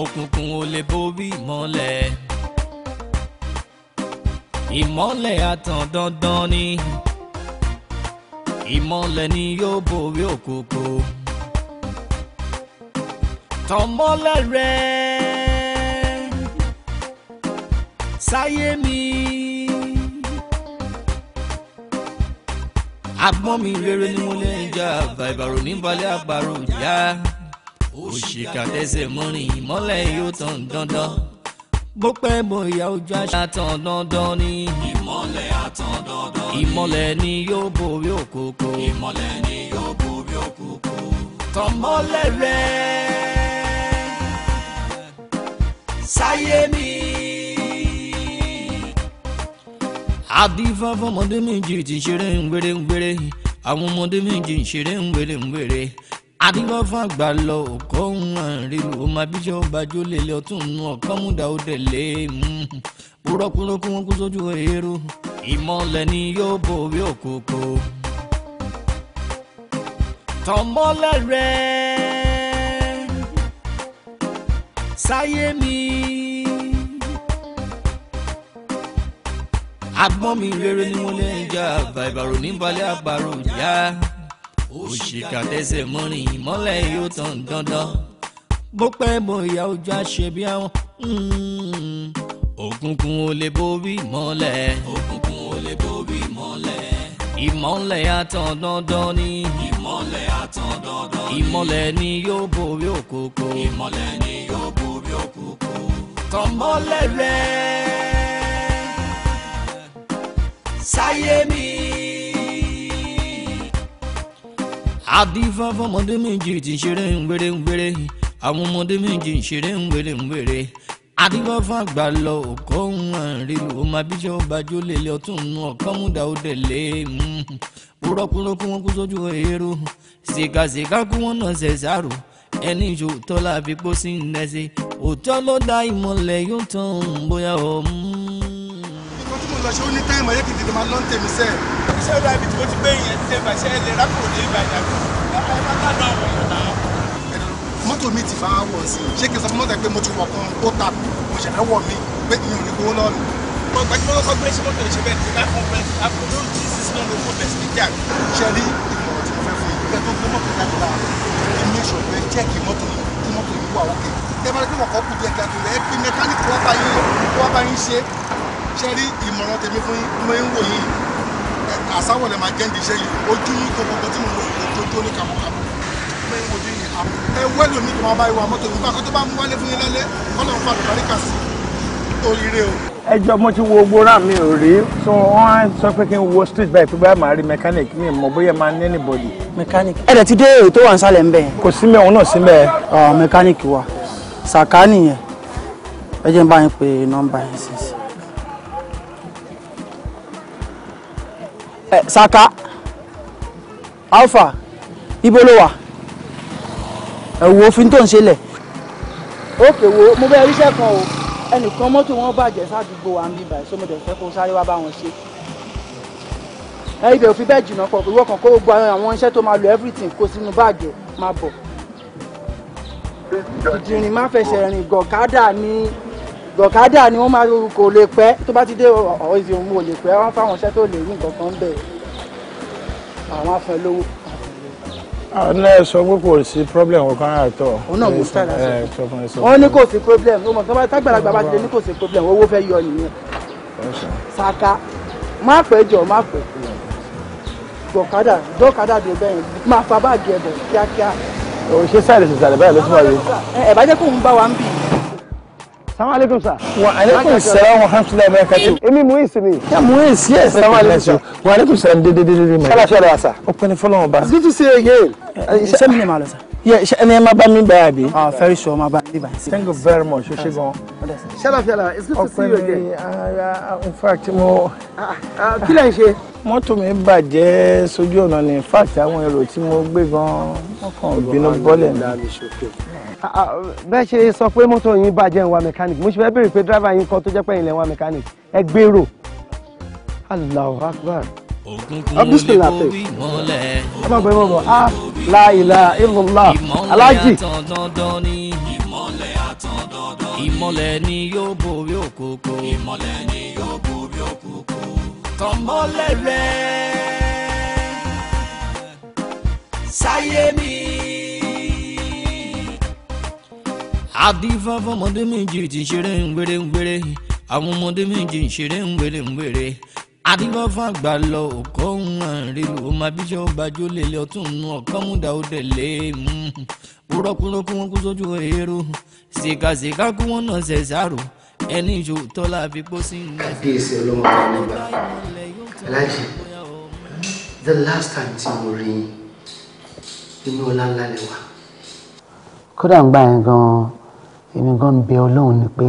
òkùnkùn ò lè borí ìmọ́lẹ̀ ìmọ́lẹ̀ àtàn dandan ni ìmọ́lẹ̀ ni yóò borí òkùnkùn tọmọ́lẹ̀ rẹ sáyé mi agbọ́n mi rere ni mo lè ń jà bàbàrò níbalẹ̀ àgbàrò ìyá. Yeah òṣìkà tẹsẹ̀ mọ́rin ìmọ́lẹ̀ yóò tàn dandan bó pẹ́ bóyá ojú àṣà tàn dandan ni. ìmọ́lẹ̀ àtàn dandan ni. ìmọ́lẹ̀ ni yóò borí òkòkò. ìmọ́lẹ̀ ni yóò borí òkòkò. tọmọlẹ̀ rẹ̀ sáyé mi. àdìfá fọmọdé méjì ti ṣeré ń wéré ń wéré àwọn ọmọdé méjì ń ṣeré ń wéré ń wéré àdìgbọ́n fún àgbà lọ ọkọ̀ ń rìn ó máa bíjọ́ ọba jólè lé ọtún nù ọ̀kan múdà ó tẹ̀lé púrọ́púrọ́ kí wọ́n kú sójú eérú ìmọ̀lẹ̀ ni yóò borí òkòkò. tọmọlẹ rẹ sáyé mi agbọ́n mi rere ni mo lè ń jà bàbàrò níbalẹ̀ àbàrò yá. Yeah òṣìkà tẹsẹ̀ mọ́rin ìmọ́lẹ̀ yóò tàn dandan bó pẹ́ bóyá ojú àṣebí àwọn òkùnkùn mm. ò lè borí ìmọ́lẹ̀. òkùnkùn ò lè borí ìmọ́lẹ̀. ìmọ́lẹ̀ àtàn dandan ni. ìmọ́lẹ̀ àtàn dandan ni. ìmọ́lẹ̀ ni yóò borí òkòkò. ìmọ́lẹ̀ ni yóò borí òkòkò. tọ̀mọ́lẹ̀ rẹ̀ sáyé mi àdìfá fọmọdé méjì tí ń ṣeré ń wéré ń wéré àwọn ọmọdé méjì ń ṣeré ń wéré ń wéré àdìfá fún àgbà lọ òkò ń rí o máa bí ṣe ọba jó lélẹ̀ ọtún nù ọkàn múdà ó délé mm. púrọ́púrọ́ kí wọ́n kú sójú eérú sìkàsìkà kí wọ́n náà ṣẹ̀ sáró ẹni ìṣòótọ́ láfi pósí ń dẹ́sẹ̀ òótọ́ ló dá ìmọ̀lẹ̀ yóò tán bóyá ọ̀ mm mo lọ ṣe ó ní táìmù ayé kìdìdì máa lọ́n tèmi sẹ́ẹ̀. iṣẹ́ ọ̀dà ibi tí mo ti gbé yẹn ti tẹ̀ bàṣẹ́ ẹ̀ lè rákò ní ìbàdàn mọ́tò mi ti fa wọ̀ sí i ṣé kí n sọ fún mọ́tò pé mo ti wọ̀ kan ó tà mo ṣe fẹ́ wọ̀ pé mi ò ní gbowó lọ́nu. mo gbàgbọ́ ló sọ pé ṣé mọ́tò ìṣẹ́bẹ̀ ti bá fún bẹ́ẹ̀ àpòló jíìsì ló fún bẹ́ẹ̀ sí kíá. ṣe rí fún yìí kí ẹ kí ṣe rí ìmọ̀ràn tèmi fún mi ń wò yìí àsáwọ̀lẹ̀ máa jẹ́ ìdíṣẹ́ yìí ojú yín tó gbogbo tí mo lò tó tó ní kàmọ́kàmọ́ mi ń wojú yìí àmọ́ ẹ wẹ́lò mi tó máa bá ìwà mọ́tò nípa kó tó bá mú wálé fún yín lálẹ́ kọ́nà ń fa àlùbáríkà sí oríire o. ẹ jọ mo ti wo gbogbo rán mi ò rí so wọn á sọ pé kí n wo street bike pé báyà máa rí mechanic mi mọ bóyá máa ní anybody. mechanic ẹ ti dé èrò tó wà ń sálẹ̀ ń bẹ̀. kò sí mẹ́wọ̀n náà sí mẹ́ẹ̀. Ah, mechanic wa sàkánì yẹn ẹ jẹ́ n bá yín pé nọ́mbà yẹn sísè. Eh, Saka Alpha ibo ló wà ẹ wo òfin tó ń ṣe lẹ̀. ókè wo mo bẹ ríṣẹ́ kan o ẹnìkan mọ́tò wọn bàjẹ́ sádùúgbò wa ń bí báyìí sọmọdé fẹ́ kó sáré wá bá wọn ṣe ẹ ibẹ̀ òfin bẹ́ẹ̀ jìnnà pọ̀ ìwọ kan kó gbogbo àwọn iṣẹ́ tó máa lo everything kó sínú báàgì máa bọ̀ ìdìrín má fẹsẹ̀ rìn gọ̀kádà ní bọ̀kádà ni wọ́n máa kò lè pẹ́ tó bá ti dé ọ̀rọ̀ ìsìn òun ò lè pẹ́ wọ́n fáwọn iṣẹ́ tó lè rí nǹkan kan bẹ̀ àwọn afẹ́ lówó. ọ̀nà ẹ sọ pé kò sí problem kankan àtọ̀. òun náà mo sára sọ wọ́n ní kò sí problem ó mọ̀ tó bá tágbàlagbà bá ti dé ní kò sí problem owó fẹ́ yọ nìyẹn. saka má pẹ́ jọ má pẹ́ bọ̀kádà dọ́kádà dé bẹ́yẹn máa fa báàgì ẹ̀bọ̀ kíákíá. òṣìṣẹ́ ìrẹsì ìsàlẹ̀ báyìí ló tún wáyé. ẹ̀ Assalamu alaikum sir. Wa alaikum salam wa rahmatullahi wa barakatuh. Èmi Muiz ni. Ya Muiz, yes. Assalamu alaikum sir. Wa alaikum salam de de de de. Kala ṣe ọ̀dọ̀ àṣà. O pẹ̀lú fọlọ́ ọba. Good to see you again. Ṣé eh, uh, mi ni màá lọ sir? Yẹ ṣe ẹni ẹ máa bá mi báyà bí. Ah very sure máa bá mi báyà. Thank you very much. it's good to see you again. mi, uh, uh, in fact mo. Ah, ah, ọ̀nà ni in àwọn èrò tí mo gbé gan-an bínú bọ́lẹ̀ mi. Ah, ah, bẹ́ẹ̀ ṣe sọ pé mọ́tò yín bàjẹ́ ń wa mo ṣe fẹ́ béèrè pé driver yín kan tó jẹ́ pé ilẹ̀ ń ẹ gbèrò Allahu Akbar ọbísìlá pé ọmọbìnrin mọ̀ mọ̀ á la ilaha illallah aláàjì. ìmọ̀lẹ̀ ni yóò borí òkòkò. ìmọ̀lẹ̀ ni yóò borí òkòkò. tọmọlẹ̀ rẹ̀ sáyé mi. adífá fọmọdé méjì tí ṣeré ńgbèrè ńgbèrè àwọn nwere méjì ṣeré ńgbèrè ńgbèrè adífá fàgbà lọ òkò ń rìn lò ó máa bíṣọ bàjọ lèlè ọtún nù ọkọ múdà ó tẹlẹ hmm. kúrọkúrọ kí wọn kú sójú èrò ṣìkàṣìkà wọn náà ṣẹ ẹni la fi the last time tí mo rí inú ọlá ńlá gan-an èmi gan ń bẹ ọlọ́run ni pé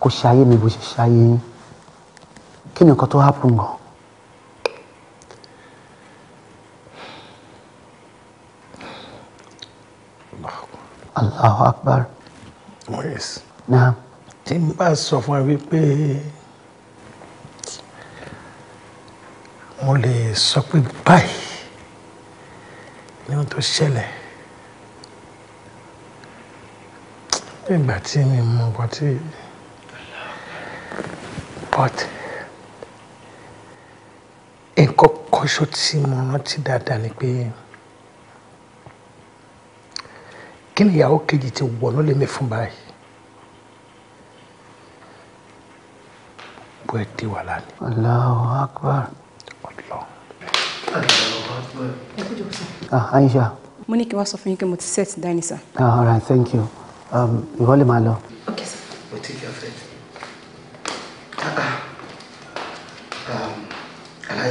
kó ṣayé mi bó ṣe ṣayé yín kí ni nǹkan tó hápùn gan. Allahu Akbar. Yes. Naam. Tí n bá sọ fún ẹ wípé mo lè sọ pé báyìí ni wọ́n tó ṣẹlẹ̀. bí ìgbà tí mi mọ nǹkan tí but nǹkan kan ṣo tí mo rántí dáadáa ni pé kí ni ìyàwó kejì ti wọnú lé fún báyìí bó ẹ dé wà lánàá. Allahu Akbar. ọlọ. Ah, Aisha. mo ní kí wọ́n sọ fún yín pé mo ti set dání sir. Ah, all right thank you. Um, lè máa lọ. Okay sir. We'll take care of it. aláyẹ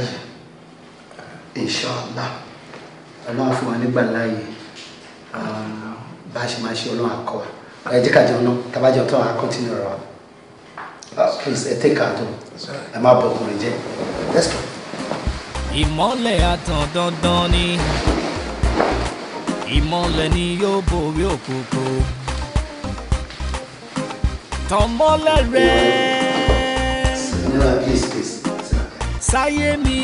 ah, ah, um, inshallah ọlọ́run fún wa nígbà láàyè ah, bá a ṣe máa ṣe ọlọ́run àkọ́ wa ẹ jẹ́ ká jẹun náà tábàjẹ́ ọ̀tọ́ àwọn akọ́tínú ọ̀rọ̀ wa. Uh, please uh, take out ẹ má bọ̀ ọkùnrin jẹ́ let's go. ìmọ́lẹ̀ àtàn dandan ni ìmọ́lẹ̀ ni yóò borí òkùnkùn tọmọlẹ rẹ. sáyé mi.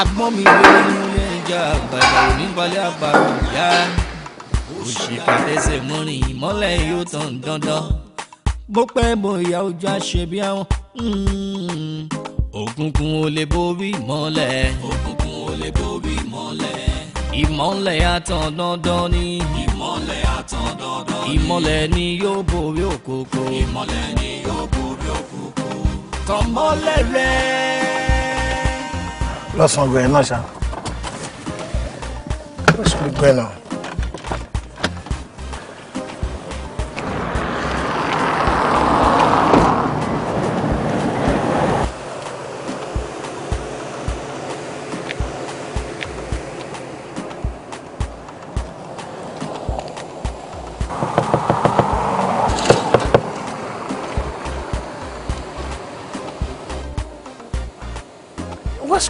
agbọ́n mi wé nílé ìjà àgbàdo oníbalẹ̀ àgbàdo yá. òṣìkà tẹsẹ̀ mọ́rin ìmọ́lẹ̀ yóò tàn dandan. bó pẹ́ bóyá ojú àṣẹ bí àwọn. Hmm. òkùnkùn ò lè borí ìmọ́lẹ̀. òkùnkùn ò lè borí ìmọ́lẹ̀. ìmọ́lẹ̀ àtàn dandan ni ìmọ̀lẹ̀ àtàn dandan ni. ìmọ̀lẹ̀ ni yóò borí òkòkò. ìmọ̀lẹ̀ ni yóò borí òkòkò. tọ̀mọ́lẹ̀ rẹ̀. lọ́sàn-án gbẹ̀yìn náà ṣá. lọ́sàn-án gbẹ̀yìn náà.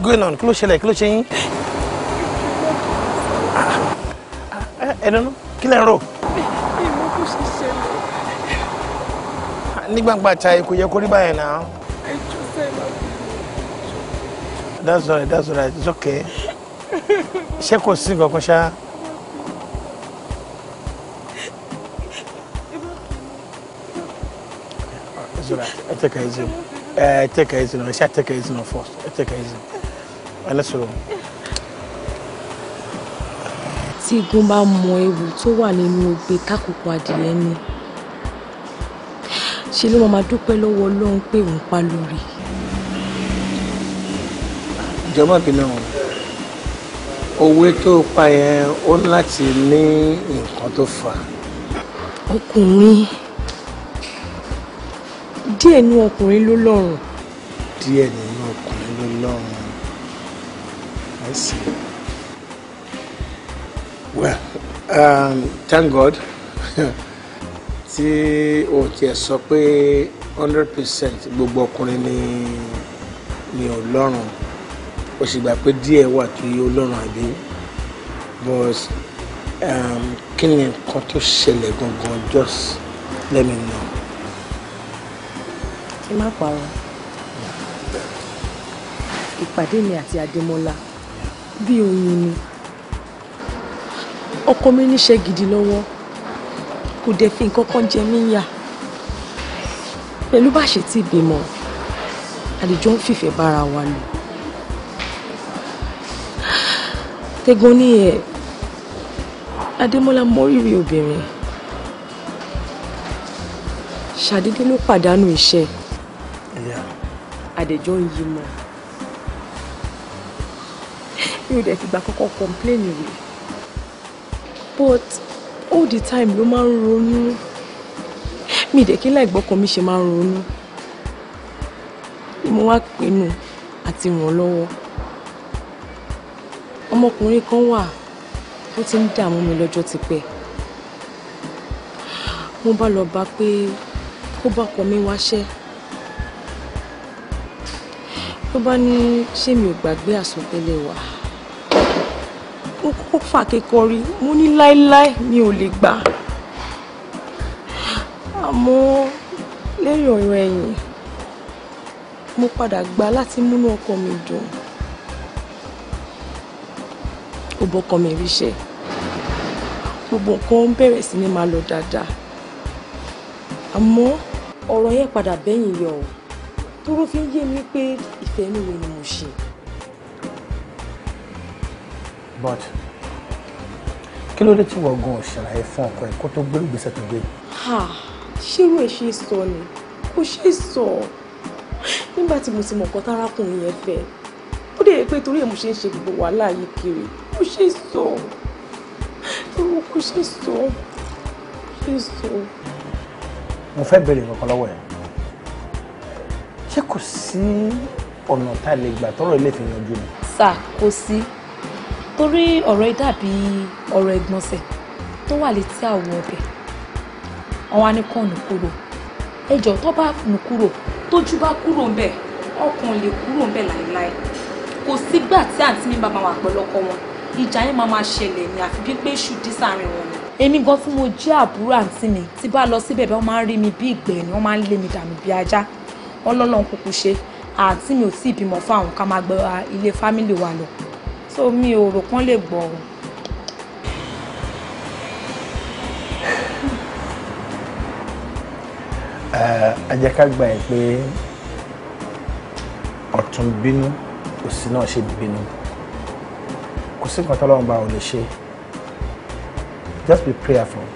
going on kí ló ṣẹlẹ̀ kí ló ṣe yín. ẹnu kí lẹ ń rò. ta kò yẹ kó rí báyẹn náà. that's all right that's all right it's okay. ṣé kò sí nǹkan ṣá. It's all right. I take it easy. Uh, eh, take it easy. I take it easy first. I take it easy ẹlẹ́sọ̀rọ̀. tí igun bá mọ ewu tó wà nínú ogbe kákòókò adìyẹ ni ṣe ló máa dúpẹ́ lọ́wọ́ ọlọ́run pé òun pa lórí. ìjọba ìbílẹ̀ wọn owó tó pa yẹn ó láti ní nǹkan tó fà á. ọkùnrin díẹ̀ nú ọkùnrin ló lọ́rùn. díẹ̀ nínú I see. Well, um, thank God. Tí o tiẹ̀ sọ pé hundred percent gbogbo ọkùnrin ni ni Ọlọ́run o sì gbà pé díẹ̀ wà tó yẹ Ọlọ́run àbí but um, kí ni nǹkan tó ṣẹlẹ̀ gangan just let me know. Kí má parọ́ ìpàdé mi àti Adémọ́lá bí oyin ni ọkọ mi níṣẹ́ gidi lọ́wọ́ kò dẹ̀ fi nǹkan kan jẹ mí yà pẹ̀lú bá ṣe ti bímọ àlejò ń fìfẹ́ bára wa lò tẹ́gbọ́n ní ẹ̀ Adémọ́lá mọrírì obìnrin ṣàdédé ló pàdánù iṣẹ́ àdèjọ́ ń yí mọ́ mi ò dẹ̀ fìgbà kankan complain rí but all the time ló máa ń ronú mi dẹ̀ kí láìgbọ́kàn mi ṣe máa ń ronú ni mo wá pinnu àti ràn lọ́wọ́ ọmọkùnrin kan wà ó ti ń dààmú mi lọ́jọ́ tipẹ́ mo bá lọ bá pé kó bọ́kọ mi wáṣẹ́ ló bá ní ṣé mi ò gbàgbé àsọtẹ́lẹ̀ wa ó kọ́kọ́ fà kékọrí mo ní láéláé mi ò lè gbà àmọ́ lẹ́yìn ọ̀rọ̀ ẹ̀yìn mo padà gbà láti múnú ọkọ mi dùn ó bọ́kọ mi ríṣẹ́ gbogbo nǹkan ń bẹ̀rẹ̀ sí ní máa lọ dáadáa àmọ́ ọ̀rọ̀ yẹn padà bẹ́yìn yọ ọ́ tóró fi ń yé mi pé ìfẹ́ mi wo ni mo ṣe. but kí ló dé tí wọ́n gan ṣàlàyé fún ọkọ ẹ̀ kó tó gbé ìgbésẹ̀ tó gbé. ṣírò ẹ̀ ṣe sọ ni kò ṣe sọ nígbà tí mo ti mọ̀ nǹkan tárákùnrin yẹn fẹ́ ó dẹ̀ pé torí ẹ̀ mo ṣe ń ṣe gbogbo wàhálà yìí kiri kò ṣe sọ ewu kò ṣe sọ ṣe sọ. mo fẹ́ bèrè nǹkan lọ́wọ́ ẹ̀ ṣé kò sí ọ̀nà tá a lè gbà tọ́rọ̀ ilé fi yanjú ni. sà kò sí torí ọ̀rọ̀ yìí dàbí ọ̀rọ̀ ìgbọ̀nsẹ̀ tó wà létí àwọ̀ ọbẹ̀ àwọn anìkan nù kúrò ẹjọ́ tó bá nù kúrò tójú bá kúrò ń bẹ̀ ọkàn lè kúrò ń bẹ̀ láéláé kò sígbà tí àǹtí mi bá máa wà pẹ̀lú ọkọ wọn ìjà yẹn máa máa ṣẹlẹ̀ ní àfi bí pé ṣù dí sáàrin wọn ni. èmi gan tí mo jẹ́ àbúrò àǹtí mi tí bá lọ síbẹ̀ bá máa ń rí mi bí ìgbẹ́ ni wọ́n máa ń lé mi dànù bí ajá ọlọ́lọ́run kúkú ṣe àǹtí mi ò tí ì bímọ ká máa gbọ́ ilé fámìlì wa lọ so mi ò rò kán lè gbọ́ ọ. ẹ jẹ́ ká gbà ẹ́ pé ọ̀tún bínú òsì náà ṣe bínú kò sí nǹkan tọ́lọ́run bá ò lè ṣe just be prayerful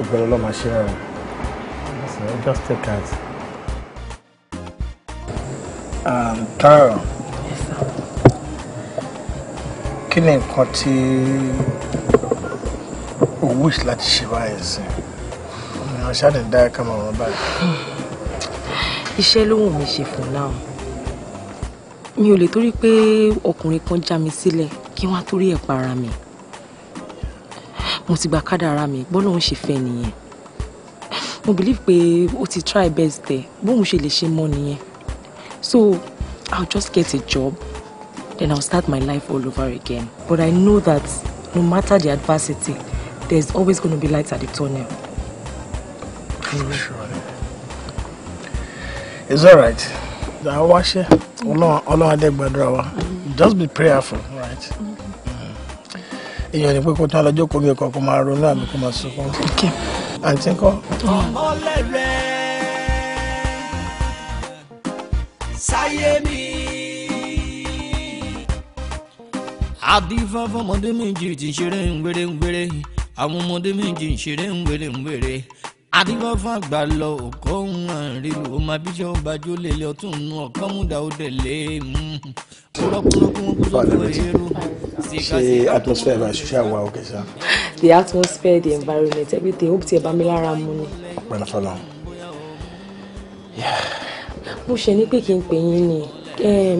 ògbẹ́rẹ́ ọlọ́run máa ṣe rẹ̀ just take care. Um, Carol kí ni nǹkan tí o wish láti ṣe báyìí sí ọ̀nà ṣáàdì ń dáyà kámọ̀ wọn báyìí. iṣẹ́ ló wù mí ṣe fún náà mi ò lè torí pé ọkùnrin kan já mi sílẹ̀ kí wọ́n á torí ẹ̀ pa ara mi mo ti gba kádàrá mi bọ́lá òun ṣe fẹ́ nìyẹn mo believe pé ó ti try best ẹ̀ bóun ṣe lè ṣe mọ́ nìyẹn so I'll just get a job then I'll start my life all over again. But I know that no matter the adversity, there's always going to be light at the tunnel. For sure. It's all right. Mm-hmm. Just be prayerful, right? Mm-hmm. Èèyàn ni pé kó tán lọ́jọ́ kó mi kọ̀ àdìfá fọmọdé méjì tí ń ṣeré ń àwọn ọmọdé méjì ń ṣeré ń wéré ń wéré àdìfá fàgbà lọ òkò ń rìn lò ó máa bíṣọ́ bàjọ́ lè lọ tún nù ọ̀kan múdà ó dẹ̀lé mhmm. ṣe atmosphere náà ṣiṣẹ́ àwọn òkè sá. the atmosphere the environment everything hope ti ẹ̀ bá mi lára mu ni. pẹ̀lú fọlá. mo ṣe ní pé kí n pè yín ni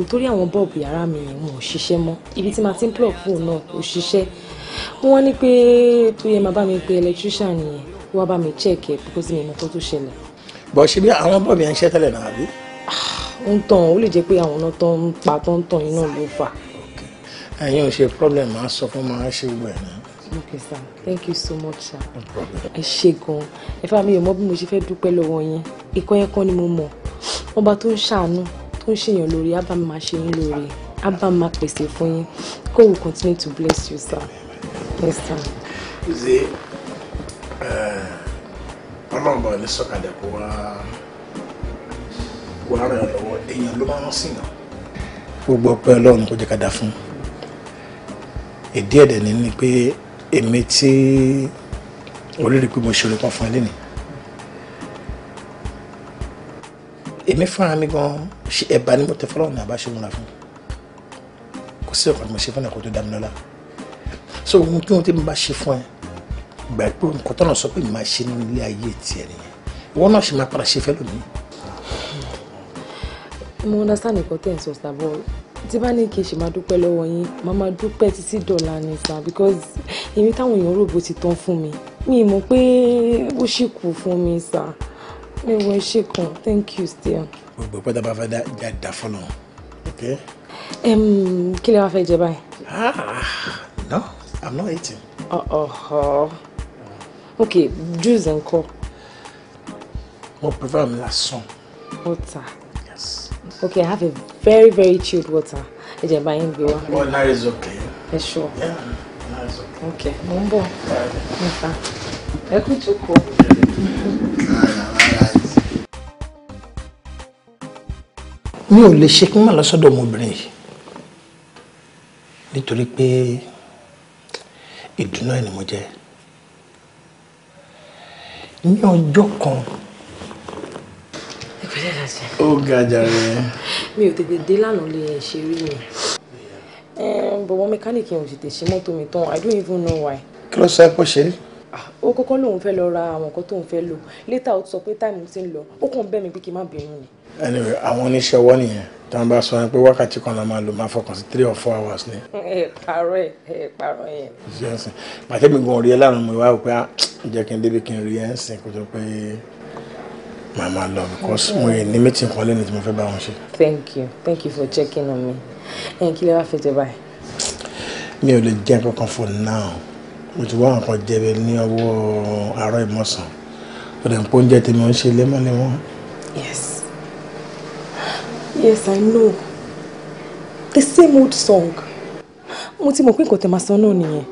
torí àwọn bọ́ọ̀bù yàrá mi wọn ò ṣiṣẹ́ mọ́ ibi tí màá ti ń plug fóònù náà kò ṣiṣẹ́ wọ́n ní pé tó yẹ máa bá mi pe electrician yẹn wá bá mi check ẹ̀ because mi ò mọ nǹkan tó ṣẹlẹ̀. bọ̀ ṣe bí àwọn bọ́ọ̀bù yẹn ń ṣẹ́ tẹ́lẹ̀ náà àbí. Ah, ń tàn ó lè jẹ́ pé àwọn náà ń pa tó ń tàn iná ló fà. ẹ̀yin ò ṣe problem máa sọ fún máa ṣe gbẹ̀ náà. Okay, sir. Thank you so much, sir. No problem. Ẹ ṣé gan. Ẹ fà mí ò mọ bí mo ṣe fẹ́ dúpẹ́ lọ́wọ́ yín. Ìkọ́ yẹn kan ni mo mọ̀. Ọba tó ń ṣàánú tó ń ṣèyàn lórí á bá mi máa ṣe yín lórí á bá mi máa pèsè fún yín God will continue to bless you sir yes sir. ṣe ọlọ́run bá ní sọ̀kalẹ̀ kó wá wá ràn lọ́wọ́ èèyàn ló máa ń sìn náà. gbogbo ọpẹ́ ọlọ́run kò jẹ́ ká dá fún ìdí ẹ̀dẹ̀ ni pé èmi tí orí pé mo ṣe orí kan fún ẹ lẹ́nìí èmi fúnra mi gan ṣe ẹ̀bà ni mo tẹ fọlọ́run ní àbáṣe múra fún kò sí ọ̀kan tí mo ṣe fún ẹ̀kọ́ tó dá mi lọ́la so ohun tí wọ́n ti bá ṣe fún ẹ gbà pé nǹkan tọ́nà sọ pé màá ṣe nínú ilé ayé tiẹ̀ nìyẹn ìwọ náà ṣe máa padà ṣe fẹ́ lónìí. mo understand nǹkan tẹ̀ ń sọ sábà tí bá ní kí n ṣe máa dúpẹ́ lọ́wọ́ yín máa máa dúpẹ́ títí dọ̀la ni sá because èmi táwọn èèyàn rò bó ti tán fún mi mi mọ̀ pé ó ṣì kù fún mi sá mi wọ ẹṣẹ kan thank you still. gbogbo pẹ́ dábàá fẹ́ já dá fún ọ ok. kí lè wá fẹ́ jẹ báyìí. Ah, no i'm not eating. Uh -oh. Okay. juice ńkọ́. mo prefer mi lásán. water. yes. Okay, i have a very very chilled water ẹ jẹ báyìí ń gbé well oh, that is okay. ẹ sure. yeah that okay. ok mo ń bọ̀ nípa ẹ kú tó kọ. mi ò lè ṣe kí n má lọ sọ́dọ̀ ọmọbìnrin yìí nítorí pé ìdùnnú ẹ̀ ni mo jẹ́ ní ọjọ́ kan. ìpínlẹ̀ láti. ó ga jàre. mi ò tètè dé lánàá lè ṣe rí mi bọ̀wọ́ mẹkáníìkì ò tètè ṣe mọ́tò mi tán I don't even know why. kí ló sọ ẹ kó ṣe é ó kọ́kọ́ lòun fẹ́ lọ ra àwọn nǹkan tóun fẹ́ lò létà ó sọ pé táìmù ti ń lọ ó kàn bẹ̀ mí pé kí n má bínú ni. anyway àwọn oníṣẹ́ ọwọ́ nìyẹn tí wọ́n bá sọ pé wákàtí kan la máa lò máa fọkàn sí three or four hours ni. ẹ parọ́ ẹ ẹ parọ́ yẹn. jẹ́sìn pàtẹ́bí gan rí ẹ láàrin mo wá pé ah, jẹ́ kí n débi kí n rí ẹ ń sìn kó tó pé màá máa lọ because mo yẹ ní meeting kan lẹ́nu tí mo fẹ́ bá wọn ṣe. thank you thank you for checking on me. ẹ̀yin kí lè wá fẹ́ jẹ báyìí. mi ò lè jẹ́ kankan for now mo ti wá nǹkan jẹbẹ ní ọwọ́ àárọ̀ ìmọ̀sán ó dẹ̀ ń pọ́ oúnjẹ tèmi ó ń ṣe lemọ́lemọ́. yes yes i know the same old song mo ti mọ̀ pé nǹkan tẹ̀ máa sọ náà nìyẹn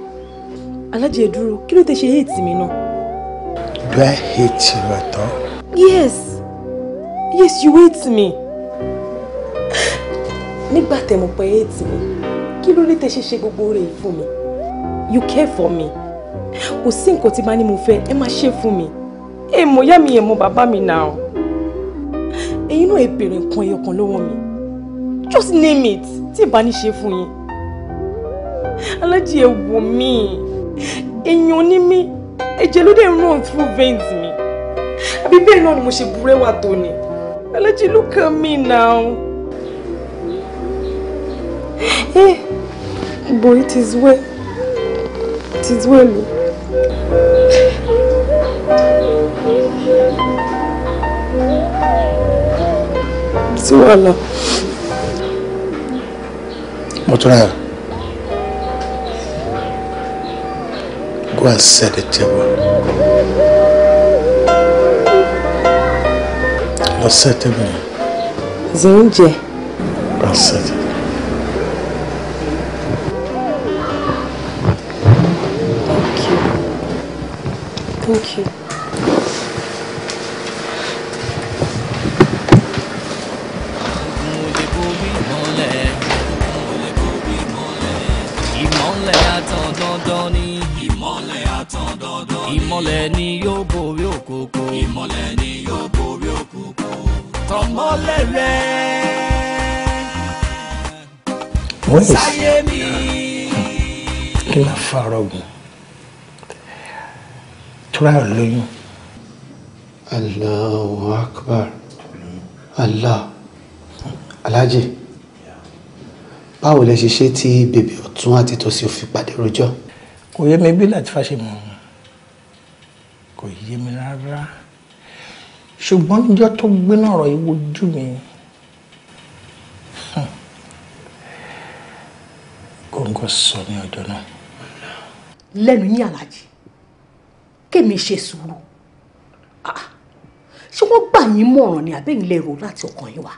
alájẹ dúró kí ló dé ṣe hate mi náà. do i hate you at all. yes yes you hate me nígbà tẹ̀ mọ̀ pé hate mi kí ló dé tẹ̀ ṣe ṣe gbogbo rẹ̀ fún mi you care for me kò sí nǹkan tí bá ní mo fẹ́ ẹ máa ṣe fún mi E mo ìyá mi ẹ mọ bàbá mi náà ẹ̀yin náà ẹ bèrè nǹkan ẹyọ kan lọ́wọ́ mi just name it tí ì bá ní ṣe fún yín E ẹ mi. mí èèyàn ní mí ẹ̀jẹ̀ ló run through veins mi Abi bẹ́ẹ̀ náà ni mo ṣe burẹ́wà tó ni alájí look at me now. Eh, boy, it is well it is well. sí wàhálà. mo tún rà go and set the table lọ set table. zèyí jẹ. set it. Fúráyọ̀ lóyún. Allahu Akbar. Allah. Alájì. Báwo lẹ ṣe ṣe tí bèbè ọ̀tún àti tòsí ò fi pàdé rojọ́? Kò yé mi bí láti fàṣẹ mọ̀ ọ́n. Kò yé mi rárá. Ṣùgbọ́n níjọ́ tó gbéná ọ̀rọ̀ yìí wojú mi. Hmm. Góńgó sọ ní ọjọ́ náà. Lẹ́nu yín Alájì kémi ṣe sùúrù ah, ṣé wọ́n gbà yín mọ̀ràn ni àbẹ́yìn lè rò láti ọkàn yín wá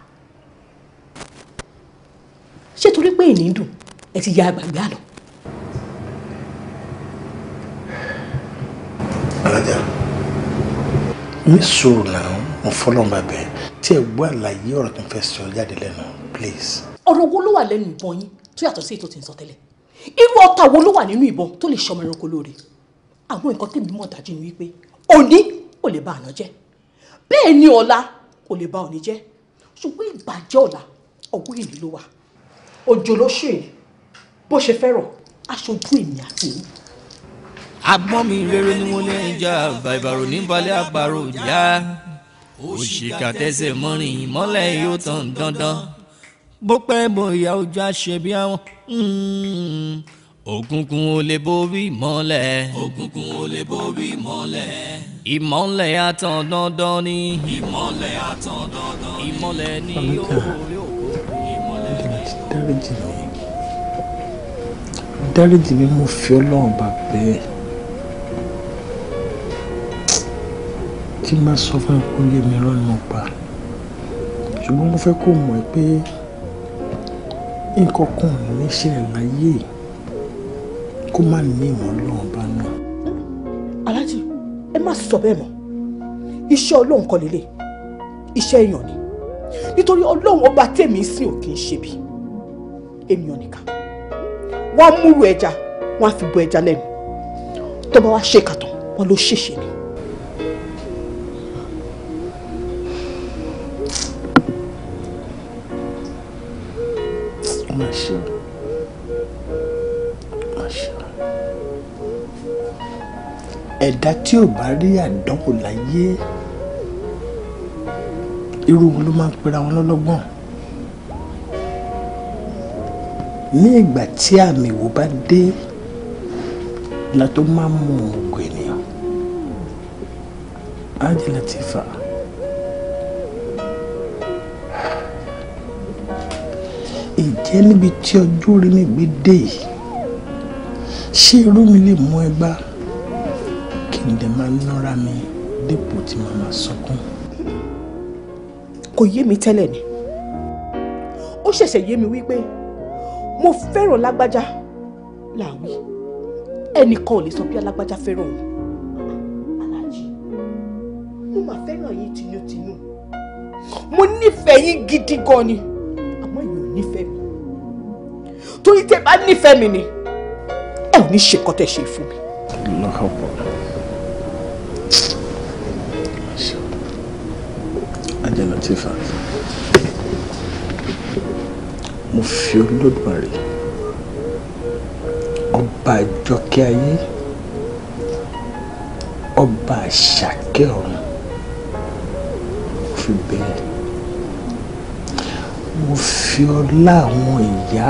ṣé torí pé ìní dùn ẹ ti ya àgbàgbé àná. alájà mi sùúrù náà mo fọlọ́n bàbẹ̀ tí ẹ gbọ́ àlàyé ọ̀rọ̀ tó ń fẹ́ sọ jáde lẹ́nu please. ọ̀rọ̀ wo ló wà lẹ́nu ìbọn yín tó yàtọ̀ sí ètò tí ń sọ tẹ́lẹ̀ irú ọta wo ló wà nínú ìbọn tó lè ṣọmọ ẹranko lóore àwọn nǹkan tèmi mọ̀ dájú ni wípé òní kò lè ba àná jẹ́ bẹ́ẹ̀ ni ọ̀la kò lè ba òní jẹ́ ṣùgbọ́n ìbàjẹ́ ọ̀la ọ̀gbọ́n ìlú ló wà òjò ló ṣe bó ṣe fẹ́ràn aṣojú èmi àti èmi. agbọ́n mi rere ni mo lè ń jà bàbàrò níbalẹ̀ àbàrò já òṣìkà tẹsẹ̀ mọ́rin ìmọ́lẹ̀ yóò tàn dandan bó pẹ́ bóyá ojú àṣẹ bí àwọn. Hmm òkùnkùn ò lè borí ìmọ́lẹ̀. òkùnkùn o lè borí ìmọ́lẹ̀. ìmọ́lẹ̀ àtàn dandan ni. ìmọ́lẹ̀ àtàn dandan ni. ìmọ́lẹ̀ ni yóò borí òkú. dáríjì mi dáríjì mi mo fi ọlọ́run bá bẹ́ẹ̀. kí n má sọ fún ẹ kó yé mi rán ni pa ṣùgbọ́n mo fẹ́ kó mọ̀ ẹ́ pé nǹkan kan ò ní ṣẹlẹ̀ láyé yìí kó má ní ìmọ̀ ọlọ́run bá náà. aláàjì ẹ má sọ bẹ́ẹ̀ mọ́ iṣẹ́ ọlọ́run kọ́ lélẹ̀ iṣẹ́ èèyàn ni nítorí ọlọ́run ọba tèmi sí ò kì í ṣe bí ènìyàn nìkan wọ́n múrù ẹja wọ́n á fi bu ẹja lẹ́nu tó bá wá ṣe kàtàn wọ́n ló ṣèṣe ni. Oh, my ẹ̀dá tí ò bá rí àdánwò láyé irú wọn ló máa ń pera wọn lọ́lọ́gbọ́n ní ìgbà tí àmì ìwò bá dé la tó máa ń mú ògùn ènìyàn ájì láti fà á. ìjẹ́ níbi tí ọjọ́ orí mi gbé dé yìí ṣé irú mi lè mú ẹ bá mi dẹ̀ máa ń nọ́ra mi dépò tí màá máa sọkún. kò yé mi tẹ́lẹ̀ ni ó ṣẹ̀ṣẹ̀ yé mi wípé mo fẹ́ràn lágbájá làwí ẹnìkan ò lè sọ bí alágbájá fẹ́ràn òun. aláàjì mo máa fẹ́ràn yín tinútinú mo nífẹ̀ẹ́ yín gidi gan ni àmọ́ èmi ò nífẹ̀ẹ́ mi torí tẹ́ bá nífẹ̀ẹ́ mi ni ẹ ò ní ṣe nǹkan ṣe fún mi. lọ́kàn Latifa mo fi Olódùmarè ọba àjọkẹ́ ayé ọba àṣàkẹ́ ọ̀run fi bẹ́ẹ̀ mo fi ọlá àwọn ìyá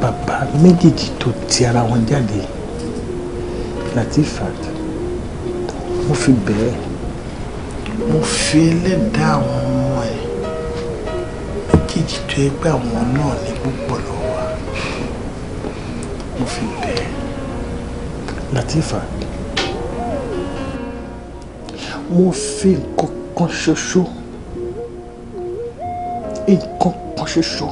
bàbá méjèèjì tó ti ara wọn jáde Latifa mo fi bẹ́ẹ̀ mo fi ẹlẹ́dàá àwọn méjì tó yẹ pé àwọn náà ní púpọ̀ lọ́wọ́ wa mo fi bẹ̀ ẹ́ Latifa mo fi nǹkan kan ṣoṣo nǹkan kan ṣoṣo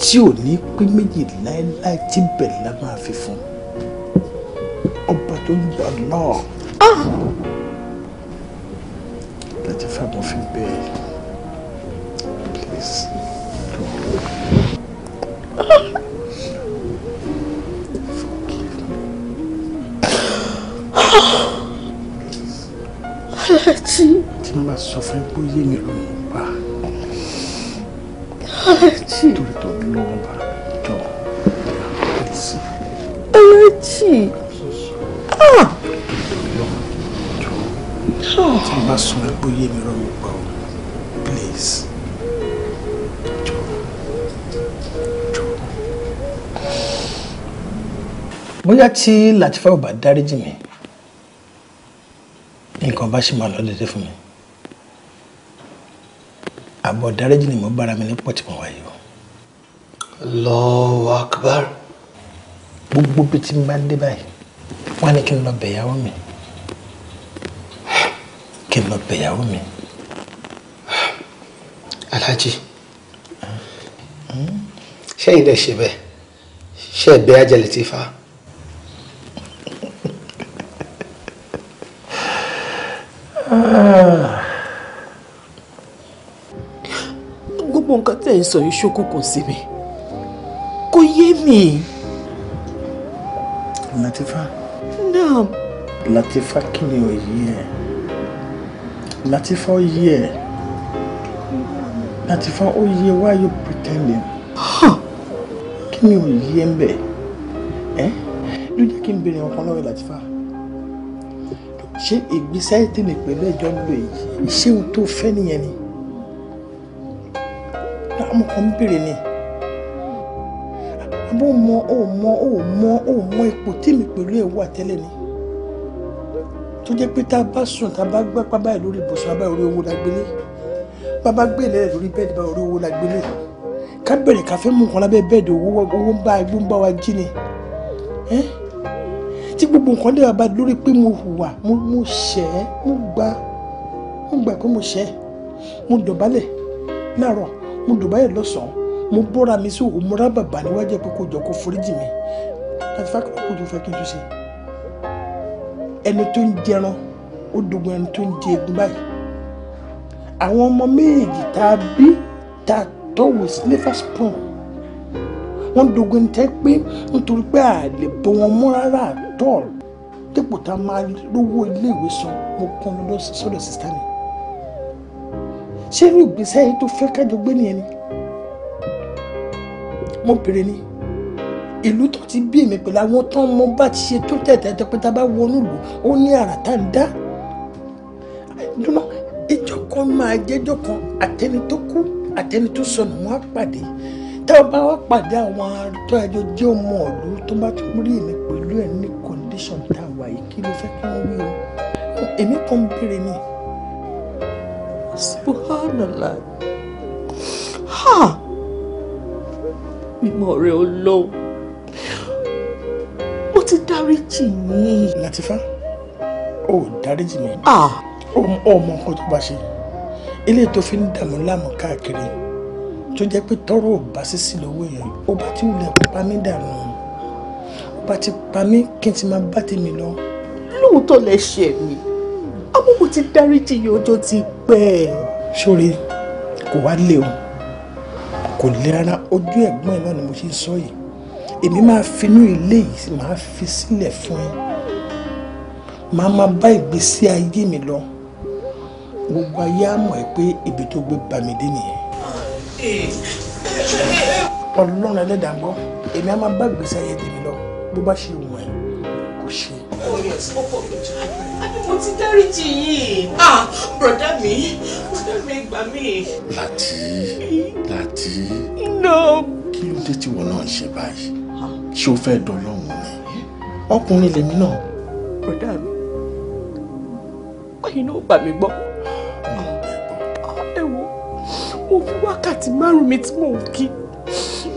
tí ò ní pín méjì láéláé tí bẹ̀rẹ̀ la máa fi fún ọba tó ń gbà náà láti mo fi bẹ́ẹ̀. Aláàjì. Tí n sọ fún pé yé mi ló ń pa. Aláàjì. Torí tó bí lọ́wọ́ ah! Ah! bá jọ. Aláàjì. Tí n sọ fún pé yé mi ló ń pa o. bóyá tí Latifa ò bá dáríjì mi nǹkan bá ṣì máa lọ dédé fún mi àbọ̀ dáríjì ni mo bára mi ní pọ̀tìmọ̀ wáyé o. Allahu Akbar. gbogbo bí tí n bá dé báyìí wọ́n ní kí n lọ bẹ̀yàwó mi kí n lọ bẹ̀yàwó mi. Alhaji hmm? ṣé ilé ṣe bẹ́ẹ̀ ṣé ẹ bẹ́ ajá Latifa. gbogbo nǹkan tẹ̀ ń sọ yìí ṣókùnkùn sí mi kò yé mi. Latifa. náà. Latifa kí ni ò yí ẹ Latifa ó yí ẹ Latifa ó yí ẹ why you pretending kí ni ò yí ẹ ń bẹ ẹ ló jẹ́ kí n béèrè ọkàn lọ́wọ́ Latifa ṣé ìgbésẹ̀ tèmi pẹ̀lú ẹjọ́ ń lò yìí ṣé ohun tó fẹ́ nìyẹn ni àwọn kan ń bèrè ni àbó mọ ò mọ ò mọ ò mọ ipò tèmi pẹ̀lú ẹ̀wọ́ àtẹ́lẹ̀ ni tó jẹ́ pé tá a bá sùn tá a bá gbá pábá ẹ̀ lórí ibùsùn abá orí owó la gbélé bàbá gbélé ẹ̀ lórí bẹ́ẹ̀dì bá orí owó la gbélé ká bẹ̀rẹ̀ ká fẹ́ mú nǹkan lábẹ́ bẹ́ẹ̀dì owó ń bá wa jí ni tí gbogbo nǹkan dẹ̀ bá lórí pé mo hùwà mo ṣẹ̀ ẹ́ mo gbà mo gbà pé mo ṣẹ̀ ẹ́ mo dọ̀bálẹ̀ láàárọ̀ mo dọ̀bálẹ̀ lọ́sàn-án mo bọ́ra mi sí òmùra bàbá níwájú pé kò jọ kó foríjì mi láti fà kọ́ kójú fẹ́ kí n tún ṣe ẹni tó ń jẹran ó dogun ẹni tó ń jẹ egun báyìí àwọn ọmọ méjì tá a bí tá a tọ́wò silver spoon wọ́n dogun tẹ́ pé nítorí pé àlè bọ́ wọn mú rárá Tall, all dípò tá a máa rówó iléèwé san mo kún un lọ sọ́dọ̀ sísá mi ṣé irú ìgbésẹ̀ yìí tó fẹ́ kájọ gbé nìyẹn ni mo bèrè ni ìlú tó ti bí èmi pẹ̀lú àwọn tán mo bá ti ṣe tó tẹ̀tẹ̀ tẹ pé tá a bá wọnú ìlú ó ní àrà tá à ń dá dúró ìjọ kan máa jẹ́jọ́ kan àtẹni tó kú àtẹni tó sọnù wọn á pàdé tá a bá wá pàdé àwọn tó ẹjọ́ jẹ́ ọmọ ìlú tó bá tún rí èmi pẹ̀lú ẹ̀ nípa condition tá a wà yìí kí ló fẹ́ kí wọ́n wí o èmi kàn ń béèrè ni subhanallah ha mímọ́ rẹ̀ ó lọ́wọ́ ó ti dáríjì yín. o ó dáríjì mi ọmọ nǹkan tó bá ṣe eléyìí tó fi ń dààmú láàmú káàkiri tó jẹ́ pé tọ́rọ̀ ò bá sí sí lọ́wọ́ èèyàn ó bá tí wulẹ̀ pa mí dànù bá ti pa mí kí n ti máa bá tèmi lọ. lóòótọ́ lẹ ṣe mí ọmọ mo ti dáríjì yìí ọjọ́ ti pẹ́. sórí kò wá lé o kò lè rárá ojú ẹ̀gbọ́n ẹ̀ náà ni mo ṣe ń sọ yìí èmi máa finú ilé yìí máa fi sílẹ̀ fún ẹ máa máa bá ìgbésí ayé mi lọ gbogbo ayé á mọ̀ ẹ́ pé ibi tó gbé bá mi dé nìyẹn. ọlọ́run ẹlẹ́dàá ń gbọ́ èmi á máa bá ìgbésí ayé tèmi lọ bó bá ṣe wù ẹ́ kò ṣe. Oh, oh, oh, mo ti dáríjì yìí ah, bọ̀dá mi bọ̀dá mi gbà mí. láti láti. no. kí ló dé tí wọn náà ń ṣe báyìí ah. ṣé o fẹ́ dọlọ́run ni ọkùnrin lèmi náà. bọ̀dá mi báyìí náà bà mí gbọ́ ah. ẹ mo fi wákàtí márùn-ún mi tí mò ń kí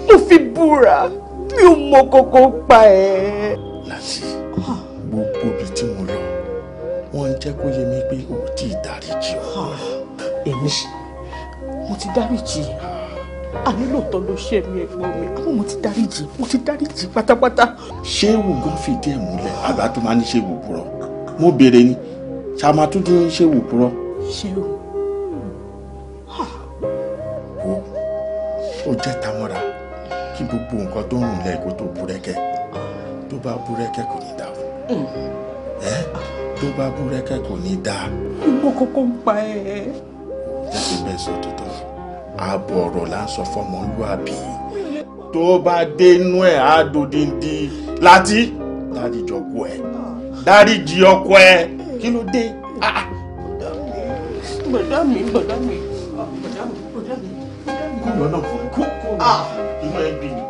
mo fi búra mi ò mọ kókó pa ẹ́. láti gbogbo ibi tí mo lọ wọn ń jẹ́ kó yé mi pé o ti dáríjì o. èmi mo ti dáríjì àní lóòótọ́ ló ṣe mí ẹ̀gbọ́n mi àwọn mo ti dáríjì mo ti dáríjì pátápátá. ṣé wògán fìdí ẹ̀ múlẹ̀ àbá tó máa ń ṣe wòpùrọ̀ mo béèrè ni ṣàmà tó ti ń ṣe wòpùrọ̀. ṣé o. ó jẹ́ tamọ́ra gbogbo nǹkan tó ń rùn lẹ́yìn kó tó búrẹ́kẹ́ tó bá búrẹ́kẹ́ kò ní dáa mm. ẹ tó bá búrẹ́kẹ́ kò ní dáa. mo kọ́kọ́ ń pa ẹ. ẹ ti bẹ́ẹ̀ sọ tuntun ààbọ̀ ọ̀rọ̀ là ń sọ fọmọlúàbí tó bá dénú ẹ̀ á dodindi láti dáríjì ọkọ ẹ̀ dáríjì ọkọ ẹ̀ kí ló dé. bọ̀dá ah, mi ah. bọ̀dá mi bọ̀dá mi bọ̀dá mi bọ̀dá mi. kúrò náà kú kú ẹ ń bí mi